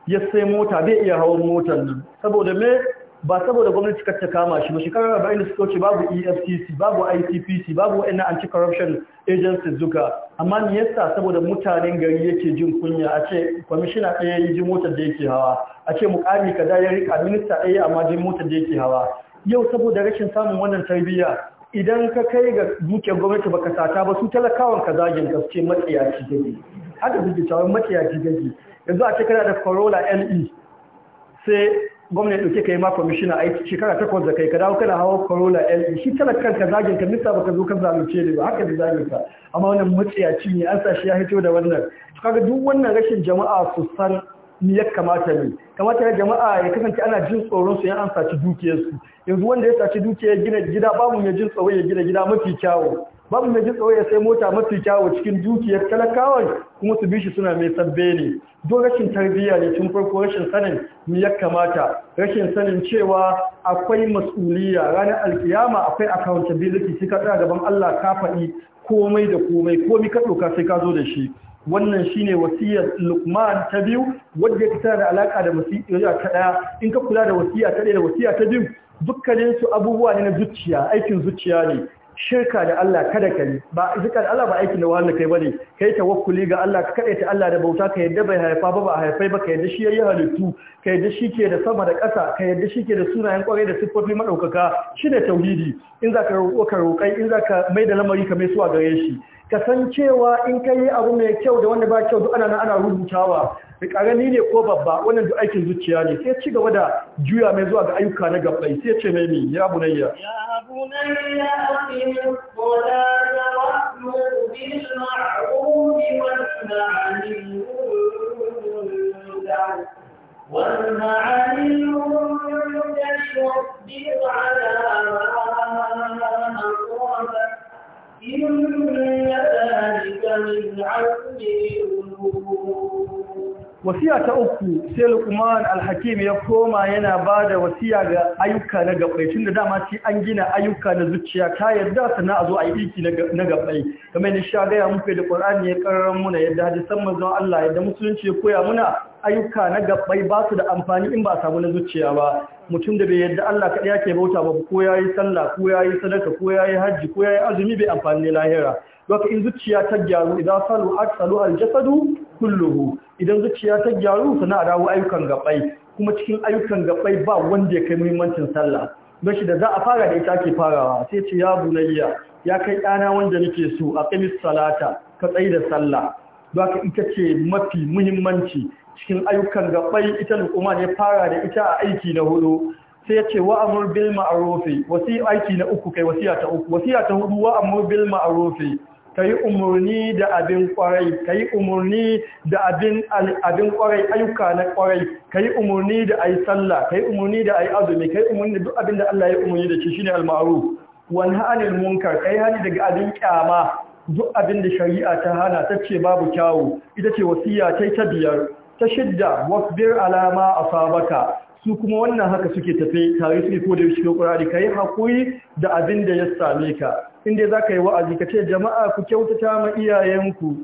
ya sai mota bai iya hawan motar nan saboda me ba saboda gwamnati ta kama shi ba shekarar arba'in da suka wuce babu efcc babu icpc babu wa'annan anti-corruption agencies duka amma ne yasa saboda mutanen gari yake jin kunya a ce kwamishina ɗaya yi jin motar da yake hawa a ce mukami da ya rika minista ɗaya amma jin motar da yake hawa yau saboda rashin samun wannan tarbiyya idan ka kai ga dukiyar gwamnati baka sata ba su talakawan ka zagin ka ce matsiyaci gaji haka suke cewa matsiyaci gaji yanzu a ce kana da corolla le sai gwamnati ka kai ma kwamishina aiki shekara takwas da kai ka dawo kana hawa corona le shi talakan ka zagin ka nisa baka zo ka zalunce ne ba haka da zagin ka amma wannan matsiyaci ne an sa shi ya hito da wannan kaga duk wannan rashin jama'a su san ni ya kamata ne kamata jama'a ya kasance ana jin tsoron su ya an saci dukiyarsu yanzu wanda ya saci dukiyar gina gida babu ya jin tsoron ya gina gida mafi kyawu babu mai jin ya sai mota mafi kyawo cikin dukiyar talakawa kuma su bi shi suna mai sabbe ne don rashin tarbiyya ne tun farko rashin sanin mu ya kamata rashin sanin cewa akwai mas'uliyya ranar alkiyama akwai accountability sai ka tsaya gaban Allah ka faɗi komai da komai komai ka ɗauka sai ka zo da shi wannan shine wasiyar Luqman ta biyu wadda tana da alaka da wasiya ta in ka kula da wasiya ta ɗaya da wasiya ta biyu dukkanin su abubuwa ne na zuciya aikin zuciya ne shirka da Allah kada ka yi ba zikar Allah ba aikin da wanda kai bane kai tawakkuli ga Allah ka kade ta Allah da bauta ka yadda bai haifa ba ba haifai ba ka yadda shi yayi halittu ka yadda shi ke da sama da ƙasa ka yadda shi ke da sunayen kwarai da siffofi madaukaka ne tauhidi in za ka roƙo ka roƙai in za ka mai da lamari ka mai suwa gare shi ka san cewa in ka yi abu mai kyau da wanda ba kyau duk ana ana rubutawa karami ne ko babba wannan duk aikin zuciya ne sai ci gaba da juya mai zuwa ga ayyuka na gabbai sai ce mai ni ya bunayya بني أقم الصلاة وأمر بالمعروف وانهى عن على ما إن ذلك من عزم الأمور wasiya ta uku sai lukman alhakim ya koma yana ba da wasiya ga ayyuka na gabbai tunda dama shi an gina ayyuka na zuciya ta yadda sannan a zo a yi aiki na gabbai kamar ni sha gaya muke da qur'ani ya karrar muna yadda san manzon Allah yadda musulunci ya koya muna ayyuka na gabai ba su da amfani in ba a samu na zuciya ba mutum da bai yadda Allah kaɗai yake bauta ba ko yayi sallah ko yayi sadaka ko yayi hajji ko yayi azumi bai amfani lahira doka in zuciya ta gyaru idan salu aksalu aljasadu kulluhu idan zuciya ta gyaru sana a dawo ayyukan gabai kuma cikin ayyukan gabai ba wanda ya kai muhimmancin sallah shi da za a fara da ita ke farawa sai ce ya bunayya ya kai ɗana wanda nake so a ƙamis salata ka tsaye da sallah don ka ita ce mafi muhimmanci cikin ayyukan gabai ita lukuma ne fara da ita a aiki na hudu sai ya ce wa'amur bil ma'arufi wasi aiki na uku kai wasiya ta uku wasiya ta hudu wa'amur bil ma'arufi Ka yi umarni da abin kwarai ka yi umarni da abin kwarai ayyuka na kwarai ka yi umarni da a yi sallah ka yi umarni da a yi azumi ka yi umarni da duk abin da Allah ya umarni da shi shine almaru maruf wani hannun munkar ka yi hani daga abin kyama duk abin da shari'a ta hana ta ce babu kyawu ita ce wasiya ta ta biyar ta shidda wasbir alama a sabaka su kuma wannan haka suke tafe tare suke ko da shi ka yi haƙuri da abin da ya same ka inda za ka yi wa'azi ka ce jama'a ku kyautata ma iyayenku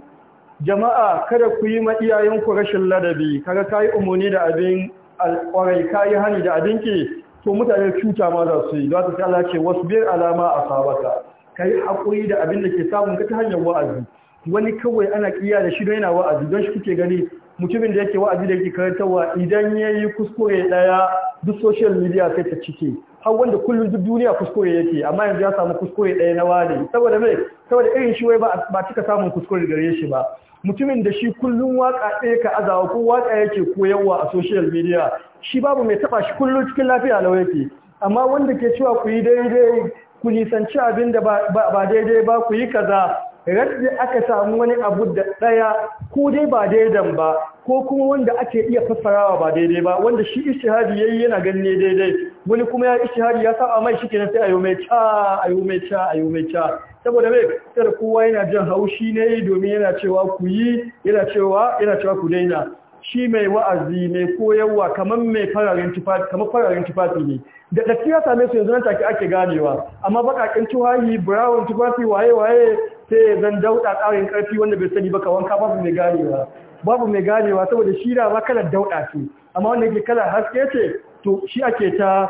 jama'a kada ku yi ma iyayenku rashin ladabi kaga ka yi umarni da abin alƙwarai ka yi hani da abin ke to mutane cuta ma za su yi za su kala ce wasu biyar alama a sabata ka yi haƙuri da abin da ke samun ka ta hanyar wa'azi wani kawai ana kiya da shi don yana wa'azi don shi kuke gani mutumin da yake wa'azi da yake karantarwa idan ya yi kuskure ɗaya duk social media sai ta cike har wanda kullum duk duniya kuskure yake amma yanzu ya samu kuskure ɗaya na wane saboda mai saboda irin shi wai ba cika samun kuskure gare shi ba mutumin da shi kullum waka ɗaya ka azawa ko waka yake koyarwa a social media shi babu mai taba shi kullum cikin lafiya lau yake amma wanda ke cewa ku yi daidai ku nisanci abin da ba daidai ba ku yi kaza rabbi aka samu wani abu da ɗaya ko dai ba daidan ba ko kuma wanda ake iya fassarawa ba daidai ba wanda shi ishihadi yayi yana ganin daidai wani kuma ya hari ya saba mai shikenan sai ayo mai ca ayo mai ca ayo mai ca saboda me kar kowa yana jin haushi ne domin yana cewa ku yi yana cewa yana cewa ku daina shi mai wa'azi mai koyarwa kamar mai fararen tufafi kamar fararen tufafi ne da gaskiya same su yanzu nan take ake ganewa amma bakakin tuhahi brown tufafi waye waye sai zan dauda tsarin karfi wanda bai sani ba ka wanka babu mai ganewa babu mai ganewa saboda shi da ba kalar dauda ce amma wanda yake kalar haske ce to shi ake ta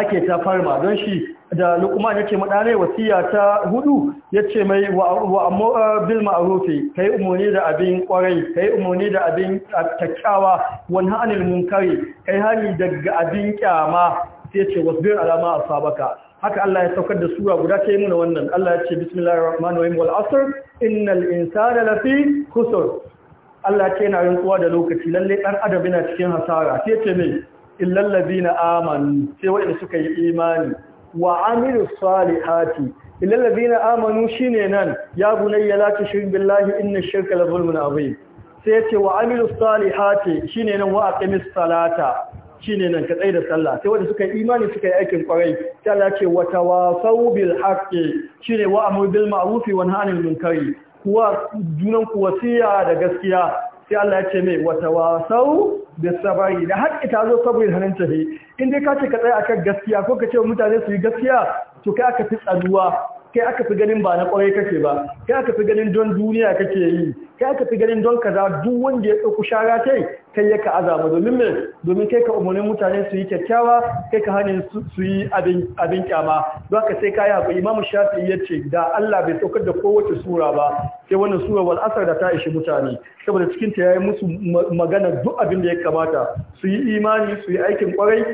ake ta farma don shi da lukman yake maɗane wasiya ta hudu ce mai wa amma uh, bil Ka yi umarni da abin kwarai yi umarni da abin takkawa wannan kare. munkari yi hannun daga abin kyama sai ce wasu wasbir alama a sabaka. haka Allah ya saukar da sura guda ta yi muna wannan Allah ya ce bismillah rahim wal asr innal insana lafi kusur. Allah ce yana rantsuwa da lokaci lalle ɗan adam yana cikin hasara sai ce mai illal na amanu sai waɗanda suka yi imani wa amilus salihati illal na amanu shi ne nan ya bunayya la tushrik billahi inna ash-shirka la zulmun azim sai yace wa amilus salihati shi ne nan wa aqimis salata ne nan ka tsaya da sallah sai waɗanda suka yi imani suka yi aikin kwarai sai Allah ce wa tawasaw bil Shi ne wa amru bil ma'ruf wa hannun anil munkari kuwa junan ku da gaskiya sai Allah ya ce mai wata wasau da sabari da har ita zo saboda hannun tafi in dai ka ce ka tsaya akan gaskiya ko ka ce mutane su yi gaskiya to kai aka fi tsaduwa kai aka fi ganin ba na kwarai kake ba kai aka fi ganin don duniya kake yi kai ka fi ganin don kaza duk wanda ya ɗauku shara ta yi? kai ya ka azama domin mai domin kai ka umarnin mutane su yi kyakkyawa kai ka hannun su yi abin kyama don ka sai kayi haƙuri imamu shafi ya ce da Allah bai saukar da kowace sura ba sai wannan sura wal asar da ta ishi mutane saboda cikin ta yi musu magana duk abin da ya kamata su yi imani su yi aikin kwarai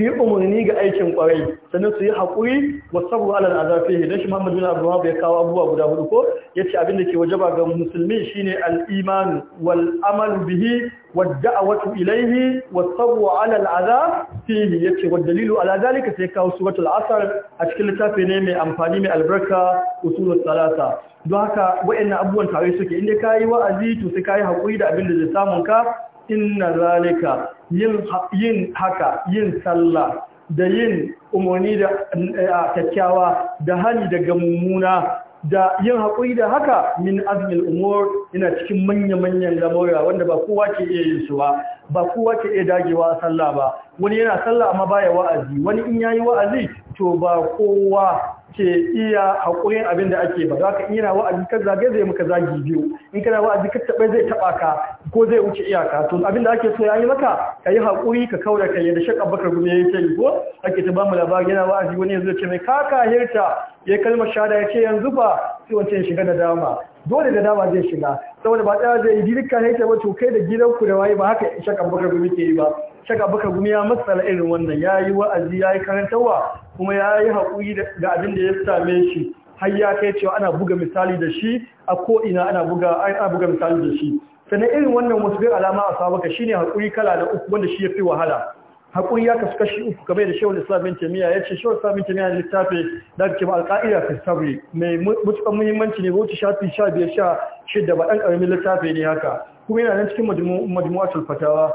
su yi umarni ga aikin kwarai sannan su yi haƙuri wasu alal azafihi don shi muhammadu bin abu ya kawo abubuwa guda hudu ko ya ce abinda ke wajaba ga musulmi shine al'imanu wal amalu bihi wadda'awatu ilaihi wasu alal azafihi ya ce dalilu ala zalika sai kawo suratul la'asar a cikin littafi ne mai amfani mai albarka usulul salata don haka wa'annan abubuwan tare suke inda kayi wa'azi to sai yi haƙuri da abin da zai samun ka inna zalika yin haka yin sallah da yin umarni da eh, kyakkyawa da hali daga mummuna da yin haƙuri da haka min azumin umar yana cikin manya-manyan lamura wanda ba kowa ke iya yin su ba ba kowa ke iya dagewa a sallah ba wani yana sallah amma baya wa'azi wani in yayi wa'azi to ba kowa ke iya haƙurin abin da ake ba za ka iya na wa'azi ka zage zai maka zagi biyu in kana wa'azi ka taɓa zai taɓa ka ko zai wuce iyaka to abin da ake so ya yi maka ka yi haƙuri ka kaura ka yi da shakka bakar gumi ya yi ko ake ta bamu mu labari yana wa'azi wani yanzu ce mai kaka hirta ya kalmar shada ya ce yanzu ba sai wancan shiga da dama dole da dama zai shiga saboda ba ɗaya zai yi ya ce ba to kai da gidanku da waye ba haka shakka bakar gume ke yi ba shaka baka gumi ya matsala irin wannan ya yi wa'azi ya yi karantarwa kuma ya yi haƙuri ga abin da ya same shi har ya kai cewa ana buga misali da shi a ko'ina ana buga misali da shi sannan irin wannan wasu bin alama a sabaka shi ne haƙuri kala da uku wanda shi ya fi wahala haƙuri ya kasu kashi uku kamar da shawar islamin tamiya ya ce shawar islamin tamiya ya littafi da ake ma alƙa'ida fi sabri mai mutukan muhimmanci ne wuce shafi sha biyar sha shidda ba ɗan ƙaramin littafi ne haka kuma yana nan cikin majmu'atul fatawa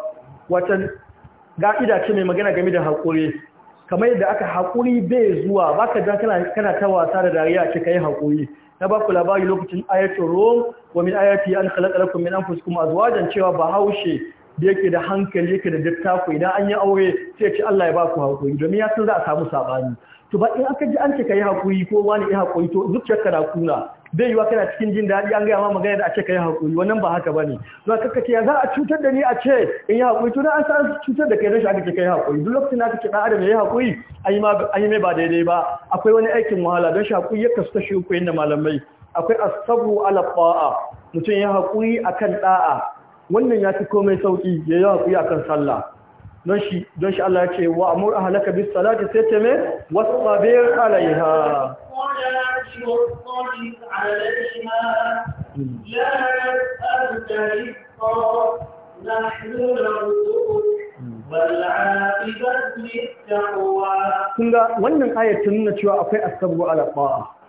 watan ga'ida ce mai magana game da haƙuri kamar yadda aka haƙuri bai zuwa ba ka ja kana ta wasa da dariya ce kai haƙuri na ba ku labari lokacin ayatul rum wa min ayati an khalaqa lakum min anfusikum azwajan cewa ba haushe da yake da hankali yake da dattako idan an yi aure sai ce Allah ya ba ku haƙuri domin ya san za a samu sabani to ba in aka ji an ce kai haƙuri ko wani ya haƙuri to zuciyarka na kuna bai yiwa kana cikin jin daɗi an gaya ma magana da a ce ka yi haƙuri wannan ba haka ba ne za ka za a cutar da ni a ce in yi haƙuri tunan an sa cutar da kai rashin aka ce ka haƙuri duk lokacin da kake ɗan adam ya yi haƙuri an yi mai ba daidai ba akwai wani aikin wahala don shi ya kasu kashi uku yadda malamai akwai asabu ala mutum ya haƙuri akan ɗa'a wannan ya fi komai sauƙi ya yi haƙuri akan sallah don shi don shi Allah ya ce wa amur ahlaka bis salati sai ta me wasabir alaiha Kunga wannan ayatun nuna cewa akwai asabu ala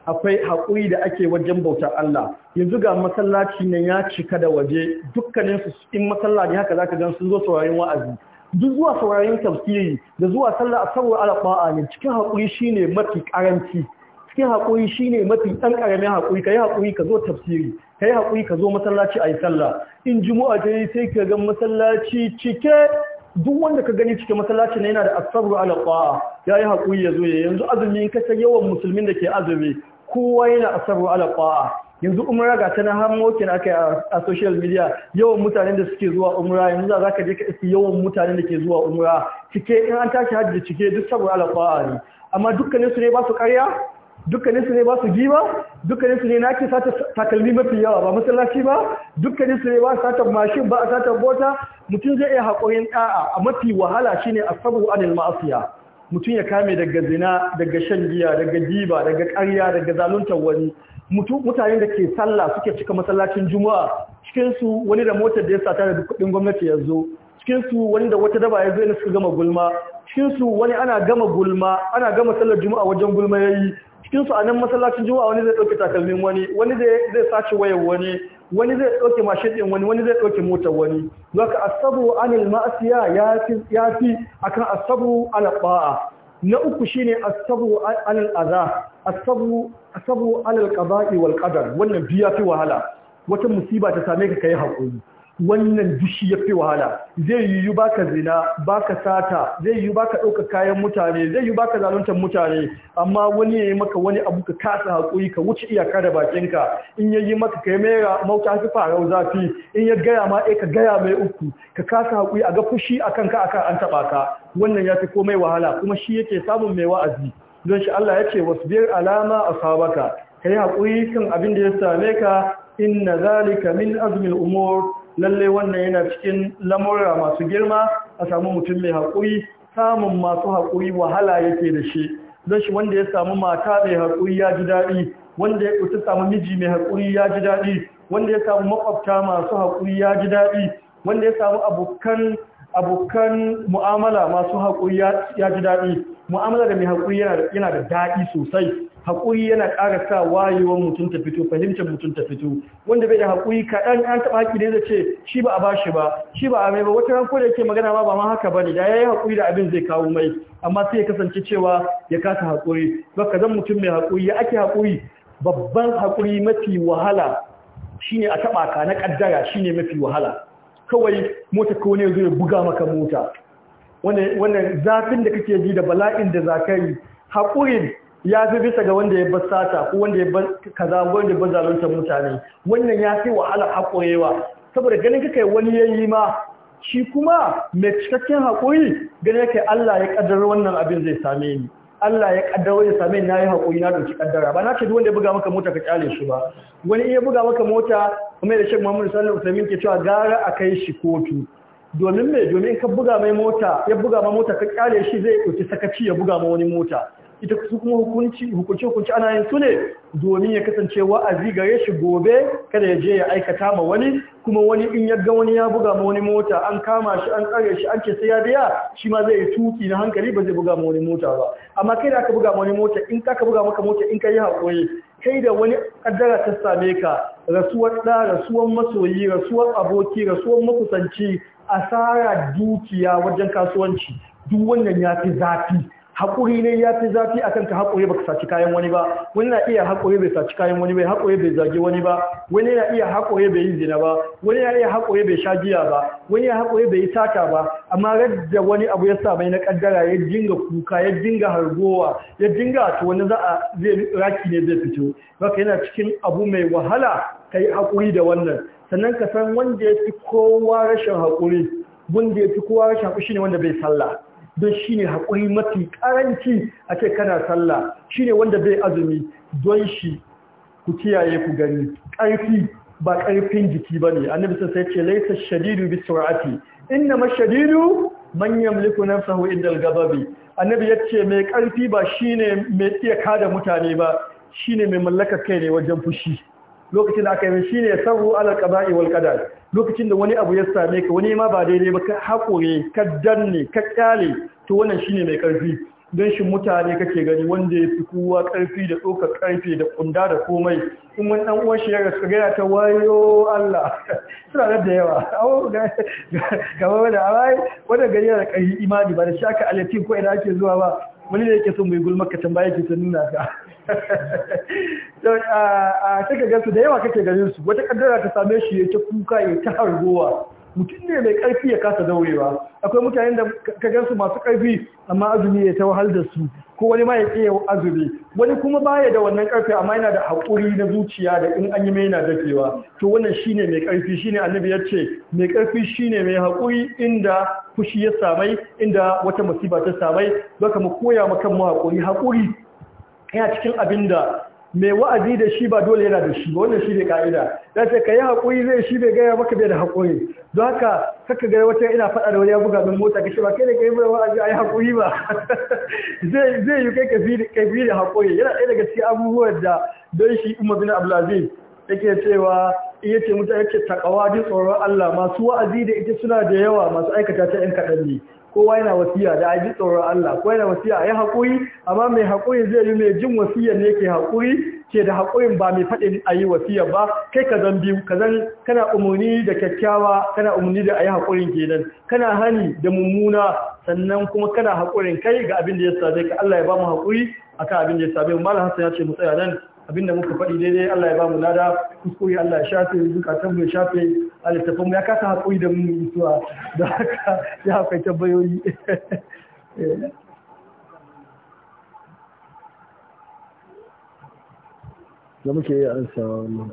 akwai haƙuri da ake wajen bautar Allah yanzu ga masallaci ne ya cika da waje dukkaninsu in masallaci haka za ka gan sun zo saurayin wa'azi duk zuwa saurayin tafsiri da zuwa sallah a alaƙa'a ne cikin haƙuri shi ne mafi ƙaranci cikin haƙuri shi ne mafi ɗan ƙaramin haƙuri ka yi haƙuri ka zo tafsiri ka yi haƙuri ka zo masallaci a yi sallah in ji ta yi sai ka ga masallaci cike duk wanda ka gani cikin masallaci na yana da alaƙa'a. Ya yi haƙuri ya zo ya yanzu azumi in ka san yawan musulmin da ke azumi kowa yana asabu alaƙa'a. yanzu umra ga tana hamokin har aka a social media yawan mutanen da suke zuwa umra yanzu za ka je ka isi yawan mutanen da ke zuwa umra cike in an tashi hajji cike duk saboda alfa'a ne amma dukkanin su ne ba su karya dukkanin su ne ba su giba dukkanin su ne na ke sata takalmi mafi yawa ba masallaci ba dukkanin su ne ba sata mashin ba a sata bota mutum zai iya haƙorin ɗa'a a mafi wahala shine asabu anil ma'asiya mutum ya kame daga zina daga shan giya daga giba daga karya, daga zaluntar wani mutanen da ke sallah suke cika masallacin juma'a cikinsu wani da motar da ya sata da kudin gwamnati ya zo cikinsu wani da wata daba ya zo ne suka gama gulma cikinsu wani ana gama gulma ana gama sallar juma'a wajen gulma ya yi cikinsu a nan masallacin juma'a wani zai ɗauke takalmin wani wani zai sace wayar wani wani zai ɗauke mashin ɗin wani wani zai ɗauke motar wani zaka asabu anil ma'asiya ya fi akan asabu ala ba'a na uku shine as-sabru alal adha as alal qada'i wal qadar wannan biya fi wahala wata musiba ta same ka kai hakuri wannan dushi ya fi wahala zai yi ba baka zina baka sata zai ba baka ɗauka kayan mutane zai yi baka zaluntar mutane amma wani ya yi maka wani abu ka kasa haƙuri ka wuce iyaka da bakinka in ya yi maka ka yi mera mauta fi farau zafi in ya gaya ma ɗai eh, ka gaya mai uku ka kasa haƙuri a ga fushi a kan ka akan an taɓa ka wannan ya fi komai wahala kuma shi yake samun mai wa'azi don shi Allah ya ce wasu biyar alama a sabaka Ka yi haƙuri kan abin da ya same ka inna zalika min azumin umur lalle wannan yana cikin lamura masu girma a samu mutum mai haƙuri samun masu haƙuri wahala yake da shi don shi wanda ya samu mata mai haƙuri ya ji daɗi wanda ya kuta samu miji mai haƙuri ya ji daɗi wanda ya samu makwabta masu haƙuri ya ji daɗi wanda ya samu abokan abokan mu'amala masu haƙuri ya ji daɗi mu'amala da mai haƙuri yana da daɗi sosai haƙuri yana ƙara sa wayewar mutum ta fito fahimtar mutum ta fito wanda bai da haƙuri kaɗan an taɓa haƙi da zace ce shi ba a ba shi ba shi ba a mai ba wata ran ko da yake magana ma ba ma haka ba ne da ya yi haƙuri da abin zai kawo mai amma sai ya kasance cewa ya kasa haƙuri ka zan mutum mai haƙuri ya ake haƙuri babban haƙuri mafi wahala shine a taɓa ka na ƙaddara shine mafi wahala kawai mota ko ne zai buga maka mota wannan zafin da kake ji da bala'in da zakari haƙurin ya fi bisa ga wanda ya basata sata ko wanda ya bar kaza wanda ya zalunta mutane wannan ya fi wahala haƙurewa saboda ganin kake wani yayi ma shi kuma mai cikakken haƙuri ganin yake Allah ya kaddara wannan abin zai same ni Allah ya kaddaro ya same ni nayi hakuri na doki kaddara ba na ce duk wanda ya buga maka mota ka kyale shi ba wani iya buga maka mota kuma da Sheikh Muhammad sallallahu alaihi wasallam ke cewa gara a kai shi kotu domin me domin ka buga mai mota ya buga ma mota ka kyale shi zai ɗauki sakaci ya buga ma wani mota ita su kuma hukunci hukunci hukunci ana yin su ne domin ya kasance wa'azi gare shi gobe kada ya je ya aikata ma wani kuma wani in ya ga wani ya buga ma wani mota an kama shi an tsare shi an ce sai ya biya shi ma zai yi tuki na hankali ba zai buga ma wani mota ba amma kai da aka buga ma wani mota in ka buga maka mota in ka yi haƙuri kai da wani kaddara ta same ka rasuwar ɗa rasuwar masoyi rasuwar aboki rasuwar makusanci asara dukiya wajen kasuwanci duk wannan ya fi zafi haƙuri ne ya fi zafi akan ka haƙuri ka saci kayan wani ba wani na iya haƙuri bai saci kayan wani bai haƙuri bai zage wani ba wani na iya haƙuri bai yi zina ba wani na iya haƙuri bai sha giya ba wani ya haƙuri bai yi sata ba amma radda wani abu ya sa mai na kaddara ya dinga kuka ya dinga hargowa ya dinga to wani za a zai raki ne zai fito baka yana cikin abu mai wahala kai haƙuri da wannan sannan ka san wanda ya fi kowa rashin haƙuri wanda ya fi kowa rashin haƙuri shine wanda bai sallah don shi ne haƙuri mafi ƙaranci a ce kana sallah shi ne wanda bai azumi don shi ku kiyaye ku gani ƙarfi ba ƙarfin jiki ba ne annabi sun sai ce laisa shadidu bi sur'ati inna manyan man yamliku nafsahu inda al-gababi annabi ce mai ƙarfi ba shi ne mai iya kada mutane ba shi ne mai mallakar kai ne wajen fushi lokacin da aka yi shi ne sarru ala kaza'i wal qadar lokacin da wani abu ya same ka wani ma ba daidai ba ka haƙure, ka danne ka kyale to wannan shine mai karfi don shi mutane kake gani wanda ya fi kowa karfi da tsokar karfi da kunda da komai in wani dan uwan shi ya rasu gaya ta wayo Allah suna da yawa awo ga ga wani. awai wanda gari da kai imani ba da shaka alatin ko ina ake zuwa ba wani da yake son mai gulma ka tambaya ke ta nuna ka a cika gansu da yawa kake ganin su wata kaddara ta same shi ya ta kuka ya ta hargowa mutum ne mai karfi ya kasa daurewa akwai mutane da ka gansu masu karfi amma azumi ya ta wahal da su ko wani ma ya iya azumi wani kuma baya da wannan karfi amma yana da haƙuri na zuciya da in an yi mai na dafewa to wannan shine mai karfi shine annabi ya ce mai karfi shine mai haƙuri inda fushi ya samai inda wata musiba ta samai baka mu koya maka mu haƙuri haƙuri yana cikin abinda. mai wa'azi da shi ba dole yana da shi ba wannan shi ne ka'ida da ce ka yi haƙuri zai shi bai gaya maka bai da haƙuri don haka kaka gaya wata ina faɗa da wani ya buga min mota kashi ba kai da kai mai wa'azi a yi haƙuri ba zai yi kai kafi da haƙuri yana ɗaya daga cikin abubuwan da don shi umar bin abdulaziz yake cewa iya ce mutane ce takawa jin tsoron Allah masu wa'azi da ita suna da yawa masu aikata ta ‘yan kaɗan ne kowa yana wasiya da aji tsoron Allah kowa yana wasiya ayi haƙuri, amma mai hakuri zai yi mai jin wasiya ne ke haƙuri ke da haƙurin ba mai faɗin yi wasiya ba kai ka zan biyu ka zan kana umarni da kyakkyawa kana umarni da a ayi ke kenan kana hani da mummuna sannan kuma kana haƙurin kai ga abin da ya sabe ka Allah ya ba mu hakuri akan abin da ya sabe mu malam Hassan ya ce mu tsaya nan abinda muka faɗi daidai Allah ya ba mu lada kuskure Allah ya shafe zukatan mu ya shafe alittafin mu ya kasa haƙuri da mu mutuwa da haka ya haka tabbayoyi da eh. muke yi an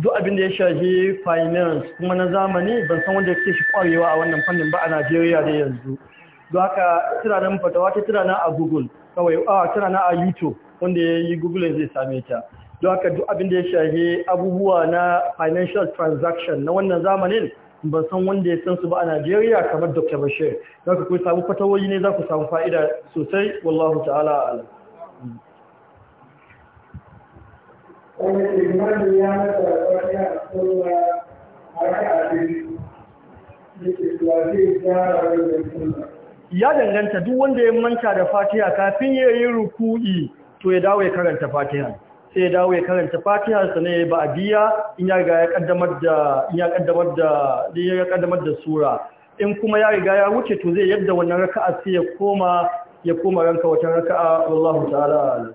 duk abin da ya shafi finance kuma na zamani ban san wanda yake shi kwarewa a wannan fannin ba a Najeriya da yanzu don haka tana nan fatawa ta tana nan a Google kawai a tana nan a YouTube wanda ya yi Google zai same ta don haka duk abin da ya shafi abubuwa na financial transaction na wannan zamanin ban san wanda ya san su ba a Najeriya kamar Dr. Bashir don haka kai samu fatawoyi ne za ku samu fa'ida sosai wallahu ta'ala a'lam Wani limani ya masa wani a tsowa ya danganta duk wanda ya manta da fatiha kafin ya yi ruku'i to ya dawo ya karanta fatiha sai ya dawo ya karanta fatiha su ne ba in ya kaddamar da in ya riga ya kaddamar da sura in kuma ya riga ya wuce to zai yadda wannan raka'a sai ya koma ya koma ranka wata raka'a wallahu ta'ala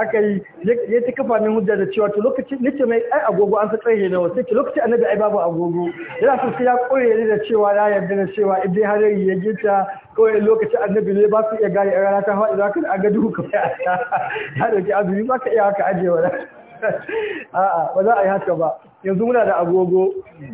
aka yi ya ta kafa min hujja da cewa to lokaci nake mai ai agogo an san tsaye nawa sai ki lokaci annabi ai babu agogo yana so sai ya koyi ne da cewa na yarda da cewa idan har ya gita kawai lokaci annabi ne ba su iya gane a rana ta hawa idan ka ga duhu ka ya ki azumi ba ka iya haka ajewa a ba za a yi haka ba yanzu muna da agogo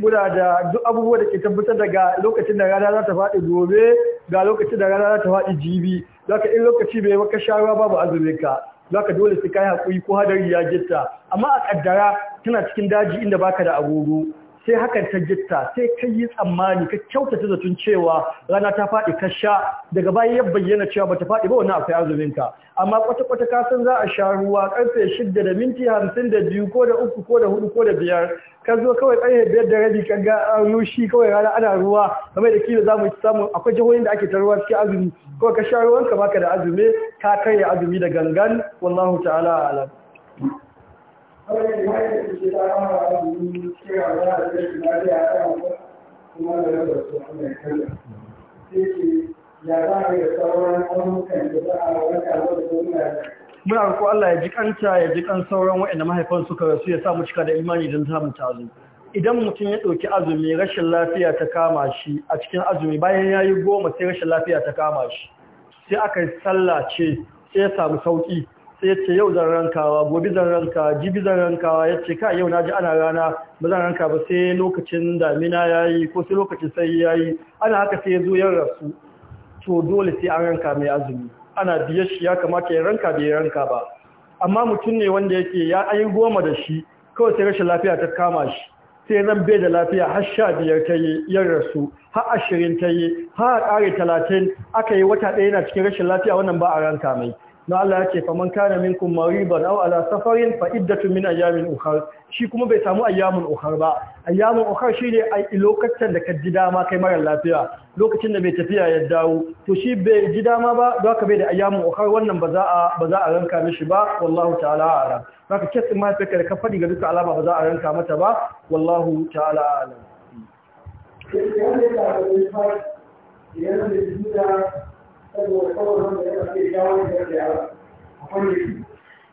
muna da duk abubuwa da ke tabbatar daga lokacin da rana za ta faɗi gobe ga lokacin da rana za ta faɗi jibi zaka in lokaci bai maka shawara babu azumin ka zaka dole sai kai hakuri ko hadari ya jitta amma a ƙaddara tana cikin daji inda baka da agogo sai hakan ta gitta sai ka yi tsammani ka kyautata zaton cewa rana ta faɗi ka sha daga baya ya bayyana cewa bata faɗi ba wani akwai azumin ka amma kwata kwata ka san za a sha ruwa karfe shidda da minti da biyu, ko da uku, ko da hudu, ko da biyar. ka zo kawai karfe biyar da rabi ka ga an rushi kawai rana ana ruwa kamar da za mu samu akwai jihohin da ake ta ruwa cikin azumi ko ka sha ruwan ka baka da azumi ka karya azumi da gangan wallahu ta'ala alam muna roƙo Allah ya ji kanta ya ji kan sauran waɗanda mahaifan suka rasu ya samu cika da imani don samun tazu idan mutum ya ɗauki azumi rashin lafiya ta kama shi a cikin azumi bayan ya yi goma sai rashin lafiya ta kama shi sai aka yi sallah ce sai ya samu sauƙi sai ya ce yau zan rankawa gobe zan ranka jibi zan rankawa ya ce ka yau na ji ana rana ba zan ranka ba sai lokacin damina ya yi ko sai lokacin sai ya yi ana haka sai ya zo ya rasu to dole sai an ranka mai azumi ana biye shi ya kamata ya ranka bai ranka ba amma mutum ne wanda yake ya ayi goma da shi kawai sai rashin lafiya ta kama shi sai zan bai da lafiya har sha biyar ta yi yan rasu har ashirin ta yi har a ƙare talatin aka yi wata ɗaya yana cikin rashin lafiya wannan ba a ranka mai na Allah ya ce faman kana minkum mariban aw ala safarin fa iddatu min ayamin ukhar shi kuma bai samu ayyamun ukhar ba ayyamun ukhar shine ai lokacin da ka ji dama kai mara lafiya lokacin da bai tafiya ya dawo to shi bai ji dama ba don haka bai da ayyamun ukhar wannan ba za a ba za a ranka mishi ba wallahu ta'ala a'lam haka kitsin mahaifiyarka da ka faɗi ga duka alama ba za a ranka mata ba wallahu ta'ala a'lam Idan da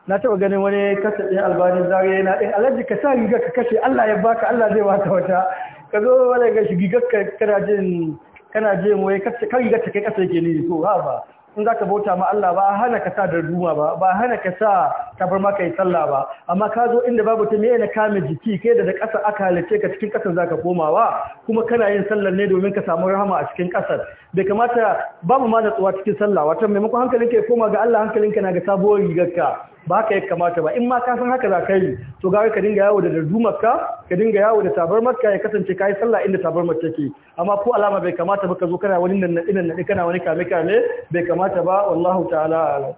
na taɓa ganin wani kasa ɗin albanin zariya yana ɗin alhaji ka sa riga ka kashe Allah ya baka Allah zai wata wata ka zo wani ga ka kana jin kana wai kar riga ta kai kasa yake ne so ha ba in za ka bauta ma Allah ba hana ka sa darduma ba ba hana ka sa tabarma ka yi sallah ba amma ka zo inda babu ta meye na kame jiki kai da da ƙasa aka halice ka cikin ƙasar za ka komawa kuma kana yin sallar ne domin ka samu rahama a cikin ƙasar bai kamata babu ma natsuwa cikin sallah wata maimakon hankalinka ya koma ga Allah hankalinka na ga sabuwar rigar ka ba ka yi kamata ba in ma kasan haka za ka yi to gawe ka dinga yawo da dardumarka ka dinga yawo da maka ya kasance ka yi sallah inda tabarmar ke amma ko alama bai kamata ba ka zo kana wani nan nan nan kana wani kame kame bai kamata ba wallahu ta'ala alam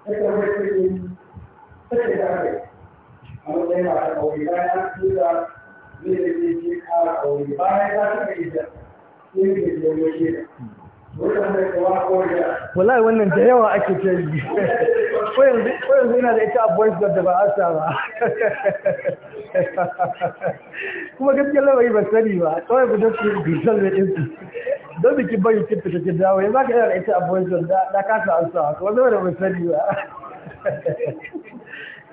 Thank you. Wallahi wannan da yawa ake canji yi, ko yanzu yana da ita a boys da ba a sa ba. Kuma gaskiyar labari ba sani ba, kawai ku dafi gusar da ɗinsu. Don biki bari kitta ta ke dawo, yanzu ka yana da ita a boys da na kasa an sa, ba kuma zama da ba sani ba.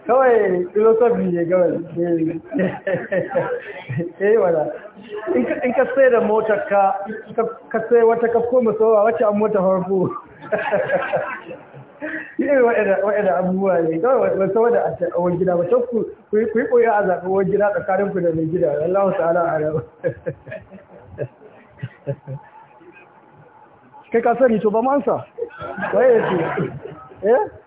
kawai philosophy ne gawai ya eh, yi wala in ka sai da mota ka ka sai wata ka koma sowa wacce an mota farko yi waɗanda abubuwa ne kawai wasu wadda a tsawon gida ba ta ku yi koya a zaɓi wani gida tsakanin ku da mai gida Allah ta'ala a kai ka sani to ba mansa ya ce eh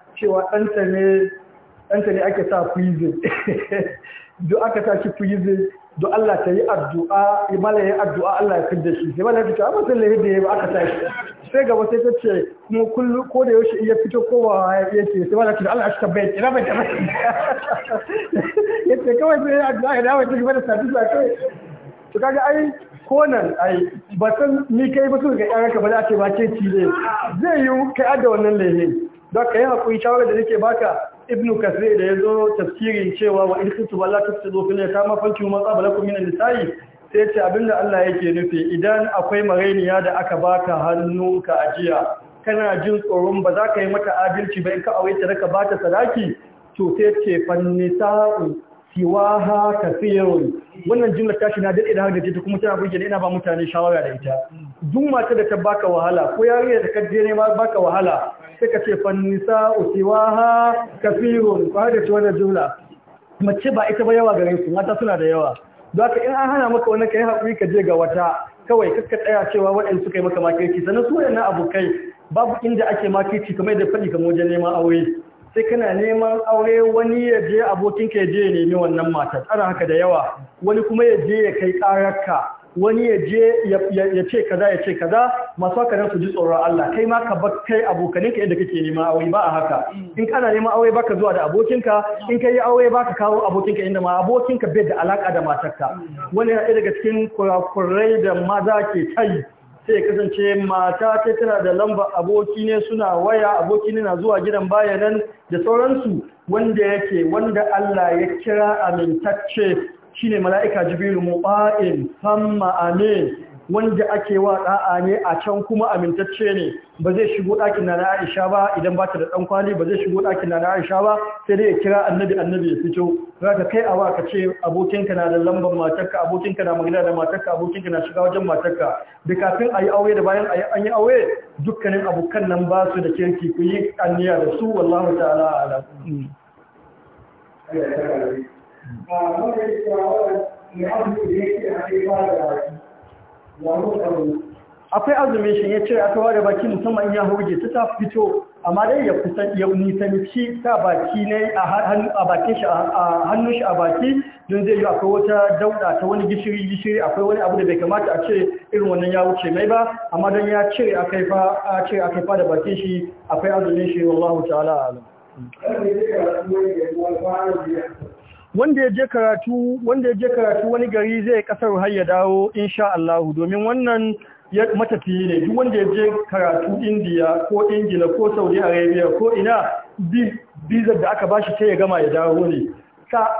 cewa ɗanta ne ake sa prison duk aka sa shi prison duk Allah ta yi addu'a imala ya addu'a Allah ya fidda shi sai mala fito a amma sai da ya ba aka sa shi sai gaba sai ta ce kuma kullu ko da yaushe iya fito ko ba ya ce sai mala ta ce Allah ya bai kira bai kira ya ce kawai sai ya addu'a ya dawo ta gaba da sati sa kai to kaga ai ko nan ai ba san ni kai ba su ga yaranka ba za a ce ba ce ci ne zai yi kai adda wannan lehe don ka yi haƙuri shawarar da nake baka Ibnu kasir da ya zo tafsirin cewa wa in ta balla tafsidu fil yakama fankihu ma qabala kum min nisa'i sai ce abinda Allah yake nufi idan akwai marainiya da aka baka hannu ka ajiya kana jin tsoron ba za ka yi mata adalci ba in ka aure ta ka ba ta sadaki to sai ce fannisa'u siwaha kafirun wannan jumlar tashi na dade da har da kuma tana burge ina ba mutane shawara da ita duk mata da ta baka wahala ko yarinya da ka je ne baka wahala Ka ce fannisa usiwaha kafirun ko haka ce wannan jumla mace ba ita ba yawa gare su mata suna da yawa don haka in an hana maka wani kai haƙuri ka je ga wata kawai kaska tsaya cewa waɗanda suka yi maka makirci sannan su waɗannan abokai babu inda ake makirci kamar da faɗi kamar wajen neman aure sai kana neman aure wani ya je abokinka ya je ya nemi wannan matar ana haka da yawa wani kuma ya je ya kai ƙararka wani ya je ya ce kaza ya ce kaza masu haka su ji tsoron Allah kai ma ka bar kai abokaninka yadda kake nema aure ba a haka in kana nema aure baka zuwa da abokinka in kai aure baka kawo abokinka inda ma abokinka bai da alaka da matarka wani yana daga cikin kurakurai da maza ke tai sai ya kasance mata ta tana da lamba aboki ne suna waya aboki ne na zuwa gidan bayanan da sauransu wanda yake wanda Allah ya kira amintacce Shi ne mala'ika jibrilu mu'a'in samma amin wanda ake wa ɗa'a ne a can kuma amintacce ne ba zai shigo ɗakin na Aisha ba idan ba ta da ɗan kwali ba zai shigo ɗakin na Aisha ba sai dai ya kira annabi annabi ya fito Raka kai awa ka ce abokinka na da lambar matarka abokinka na magana da matarka abokinka na shiga wajen matarka da kafin a yi aure da bayan an yi aure dukkanin abokan nan ba su da kirki ku yi anniya da su wallahu ta'ala ala akwai azumin shi ya ce aka da baki musamman ya hurge ta ta fito amma dai ya kusan ya nisanci ta baki ne a bakin shi a hannun shi a baki don zai yi akwai wata dauda ta wani gishiri gishiri akwai wani abu da bai kamata a ce irin wannan ya wuce mai ba amma don ya cire a kai fa da bakin shi akwai azumin shi wallahu ta'ala alam wanda ya je karatu wanda ya je karatu wani gari zai kasar har ya dawo insha Allah domin wannan ya ne duk wanda ya je karatu India ko Ingila ko Saudi Arabia ko ina bizar da aka bashi sai ya gama ya dawo ne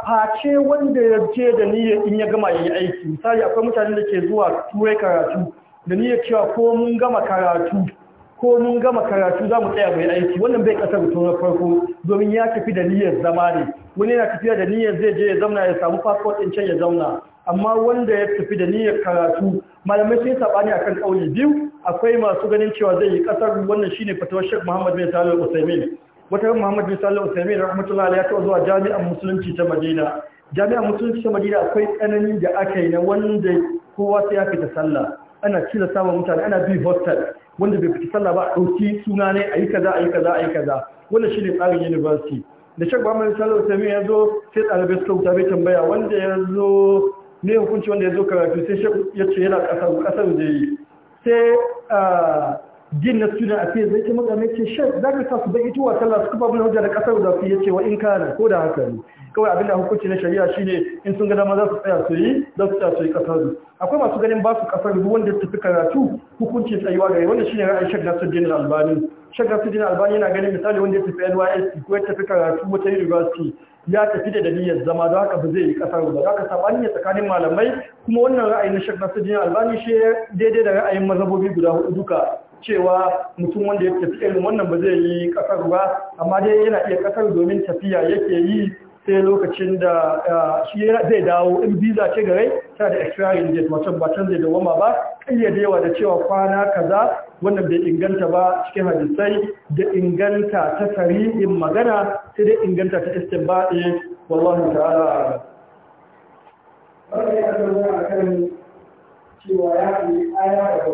face wanda ya je da niyyar in ya gama yayi aiki misali akwai mutanen da ke zuwa turai karatu da niyyar cewa ko mun gama karatu ko mun gama karatu za mu tsaya mai aiki wannan bai kasar mutum na farko domin ya tafi da niyyar zama ne wani yana tafiya da niyyar zai je ya zauna ya samu passport in can ya zauna amma wanda ya tafi da niyyar karatu malamai sun sabani akan kauli biyu akwai masu ganin cewa zai yi kasar wannan shine fatawar Sheikh Muhammad bin Salih Al-Utsaimin wata Muhammad bin Salih Al-Utsaimin rahmatullahi ya taɓa zuwa jami'an musulunci ta Madina jami'an musulunci ta Madina akwai tsananin da aka yi na wanda kowa sai ya fita sallah ana cila samun mutane ana bi hostel wanda bai fita sallah ba a ɗauki suna ne a kaza a kaza a kaza wannan shi ne tsarin university da shek ba mai sallah sai ya zo sai ɗalibai suka wuta bai tambaya wanda ya zo ne hukunci wanda ya zo karatu sai shek ya ce yana ƙasar kasa da yi sai din na student affairs zai ce maka ce shek za ka sa su bai ita wa sallah su kuma bin hujja da kasar da su ya ce wa in kana ko da haka ne kawai abin da hukunci na shari'a shine in sun gada maza za su tsaya su yi za su tsaya su yi kasar akwai masu ganin ba su kasar duk wanda tafi karatu hukunci tsayuwa gare wanda shine ra'ayin Sheikh Nasruddin Albani Sheikh Nasruddin Albani yana ganin misali wanda ya tafi nys ko ya tafi karatu wata university ya tafi da dalilin zama da haka ba zai yi kasar ba za ka sabani tsakanin malamai kuma wannan ra'ayin na Sheikh Albani shi daidai da ra'ayin mazhabobi guda hudu duka cewa mutum wanda ya tafi irin wannan ba zai yi kasar ba amma dai yana iya kasar domin tafiya yake yi sai lokacin da eh, shi zai dawo in visa ce gare ta da expiring date wacan bacan zai dawoma ba yawa da cewa kwana kaza wannan bai inganta ba cikin hadisai da inganta ta tarihin magana sai dai inganta ta istinbadi wallahi ta'ala cewa ya da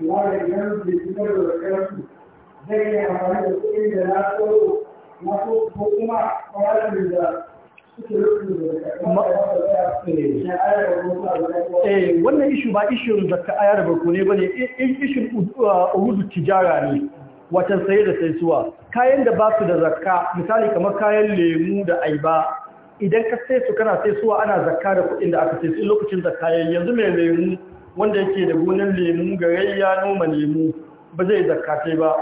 kuma da yanzu da da zai yi amfani da kuɗi da na tsoro wannan ishu ba ishun zakka aya da barko ne bane in ishun Uhudu tijara ne watan saye da saisuwa kayan da ba su da zakka misali kamar kayan lemu da aiba idan ka sai su kana sai suwa ana zakka da kuɗin da aka sai su lokacin zakka yanzu mai lemu wanda yake da gonan lemu garayya noma lemu ba zai zakka sai ba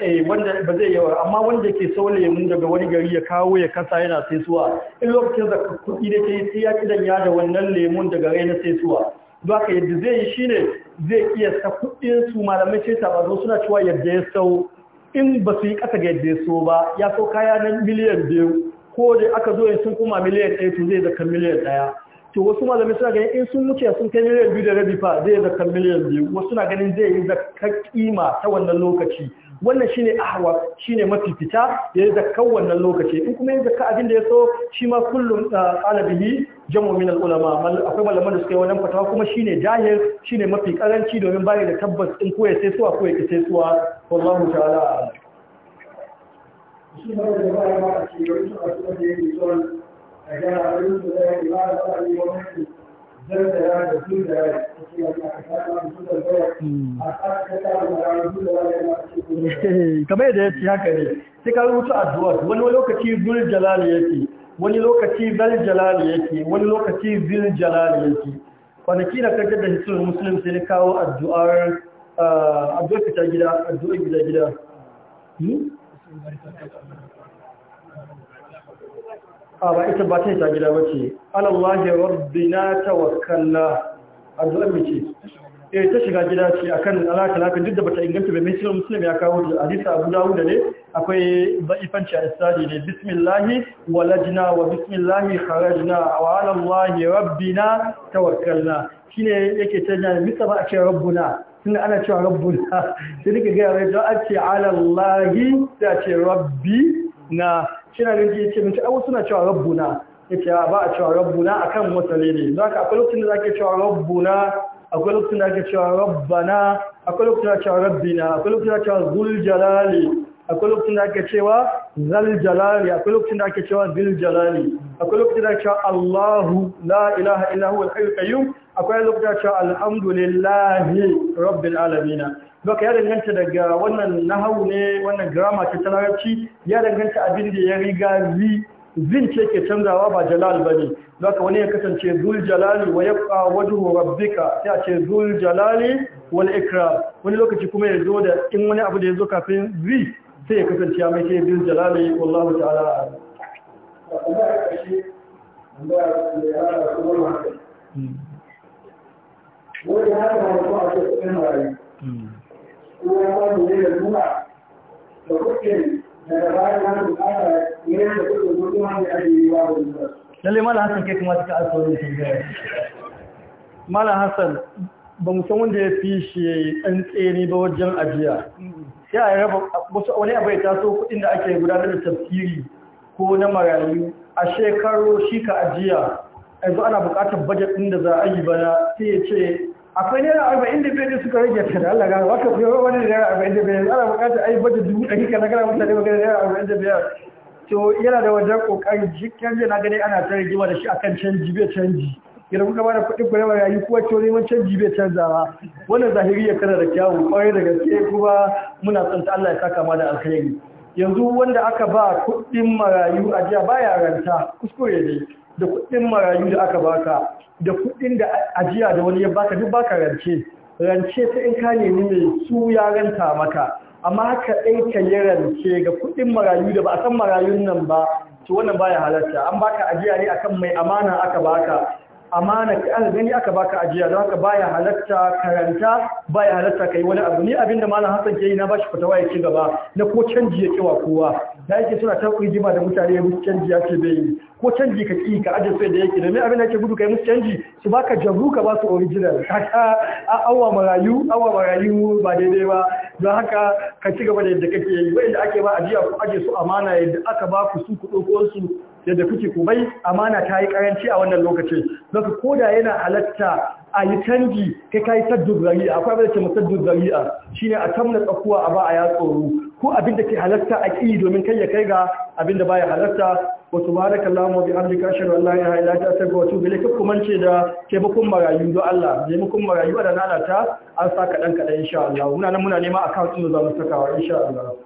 eh wanda ba zai yawa amma wanda yake saule mun daga wani gari ya kawo ya kasa yana sai suwa in lokacin da kuɗi da ke sai ya kidan ya da wannan lemun daga rai na sai suwa ba ka yadda zai yi shine zai iya sa kuɗin su malamai sai ta ba suna cewa yadda ya sau in ba su yi ƙasa ga yadda ya so ba ya sau kaya na miliyan biyu ko da aka zo ya sun kuma miliyan ɗaya to zai zaka miliyan ɗaya to wasu malamai suna ganin in sun wuce sun kai miliyan biyu da rabi fa zai zakar miliyan biyu wasu na ganin zai yi zakar kima ta wannan lokaci wannan shine ahwa shine mafi fita ya yi zakar wannan lokaci in kuma yin zakar abin da ya so shi ma kullum qalabihi ah, jamu min ulama akwai malaman da suke yi wannan fatawa kuma shine jahil shine mafi karanci domin bai da tabbas in ko ya sai suwa ko ya ki sai suwa wallahu ta'ala shi da ba ya a cikin wani Eh, kamar yadda ya ce haka ne sai ka rubuta addu’ar wani lokaci zul jalali yake wani lokaci zal jalali yake wani lokaci zil jalali yake kwanaki na kaje da hisul musulun sai ni kawo addu'ar eh, addu'ar ta gida addu'ar gida gida hmm? a ba ita ba ta ta gida ba ce alallahi rabbina tawakkalna addu'a mace eh ta shiga gida ce akan alaka laka duk da bata inganta ba muslim muslim ya kawo da hadisi abu dawud da ne akwai zaifanci a istadi ne bismillahi walajna wa bismillahi kharajna wa alallahi rabbina tawakkalna shine yake tanya misa ba a ce rabbuna tunda ana cewa rabbuna sai nake ga yawa don a ce alallahi sai a ce rabbi na shi na gaji ya ce mince abu suna cewa rabbuna ya ce ba a cewa rabbuna a kan matsale ne za ka akwai lokacin da za ke cewa rabbuna akwai lokacin da ake cewa rabbana akwai lokacin da cewa rabbina akwai lokacin da cewa zul jalali akwai lokacin da ake cewa zal jalali akwai lokacin da ake cewa zuljalali jalali akwai lokacin da ake cewa Allahu la ilaha illa huwa qayyum akwai lokacin da ake cewa alhamdulillahi rabbil alamin doka ya danganta daga wannan nahawu ne wannan grammar ta larabci ya danganta abin da ya riga zi zin ce ke canzawa ba jalal ba ne doka wani ya kasance zul jalali wa yabqa wajhu rabbika sai a ce zul jalali wal ikram wani lokaci kuma ya zo da in wani abu da ya zo kafin zi sai ya kasance ya mai ce zul jalali wallahu ta'ala wani haka kuma a cikin marayu kuma wanda ne da nuna da kuke daga bayan da bukata ne da kuke gudun wanda ake yi ba wani lalle mala hassan kai kuma suka alfawarin tambaya mala hassan ba mu san wanda ya fi shi tsantseni ba wajen ajiya sai a raba wasu wani abai taso kuɗin da ake gudanar da tafsiri ko na marayu a shekaru shi ka ajiya yanzu ana buƙatar bajet ɗin da za a yi bana sai ya ce akwai naira arba'in da biyar suka rage ta da Allah gano wata kuma wani naira arba'in da biyar ana bukatar ai bata dubu ɗari kana kana mutane magana naira arba'in da biyar to yana da wajen kokarin jikin zai na gani ana ta jima da shi akan canji bai canji idan kuka bada kuɗi kuɗin raba yayi kuwa to neman canji bai canzawa wannan zahiri ya kana da kyawu kwarai da gaske kuma muna son ta Allah ya saka ma da alkhairi yanzu wanda aka ba kuɗin marayu a jiya baya ranta kuskure ne da kuɗin marayu da aka baka da kuɗin da ajiya da wani ya baka duk baka rance rance ta in ka nemi mai su ya ranta maka amma haka ɗai ka yi rance ga kuɗin marayu da ba a san marayun nan ba to wannan baya halarta an baka ajiya ne akan mai amana aka baka amana ka gani aka baka ajiya don haka baya halarta karanta baya halarta kai wani abu ne abinda malam Hassan ke yi na bashi fatawa ya ci gaba na ko canji ya kiwa kowa da yake suna tafi rigima da mutane ya musu canji ya ce bai yi ko canji ka ƙi ka aje sai da yake domin abin da ke gudu ka yi musu canji su ba ka jabu ka ba su original haka awa marayu awa marayu ba daidai ba don haka ka ci gaba da yadda kake yi wanda ake ba ajiya ku aje su amana yadda aka ba ku su kuɗo ko su yadda kuke ku bai amana ta yi karanci a wannan lokacin zaka koda yana halatta a yi canji kai ka yi zari'a akwai abin da ke masaddun zari'a shi ne a tamna tsakuwa a ba a ya tsoro ko abin da ke halatta a ƙi domin kai ya kai ga abin da baya halatta ba da allahumma wa bihamdika jika an la ya illa ta sai bile kuma ce da taimakon marayu don Allah taimakon marayu da nalata ta an sa kaɗan kaɗan insha Allah muna nan muna nema account mu za mu sakawa insha Allah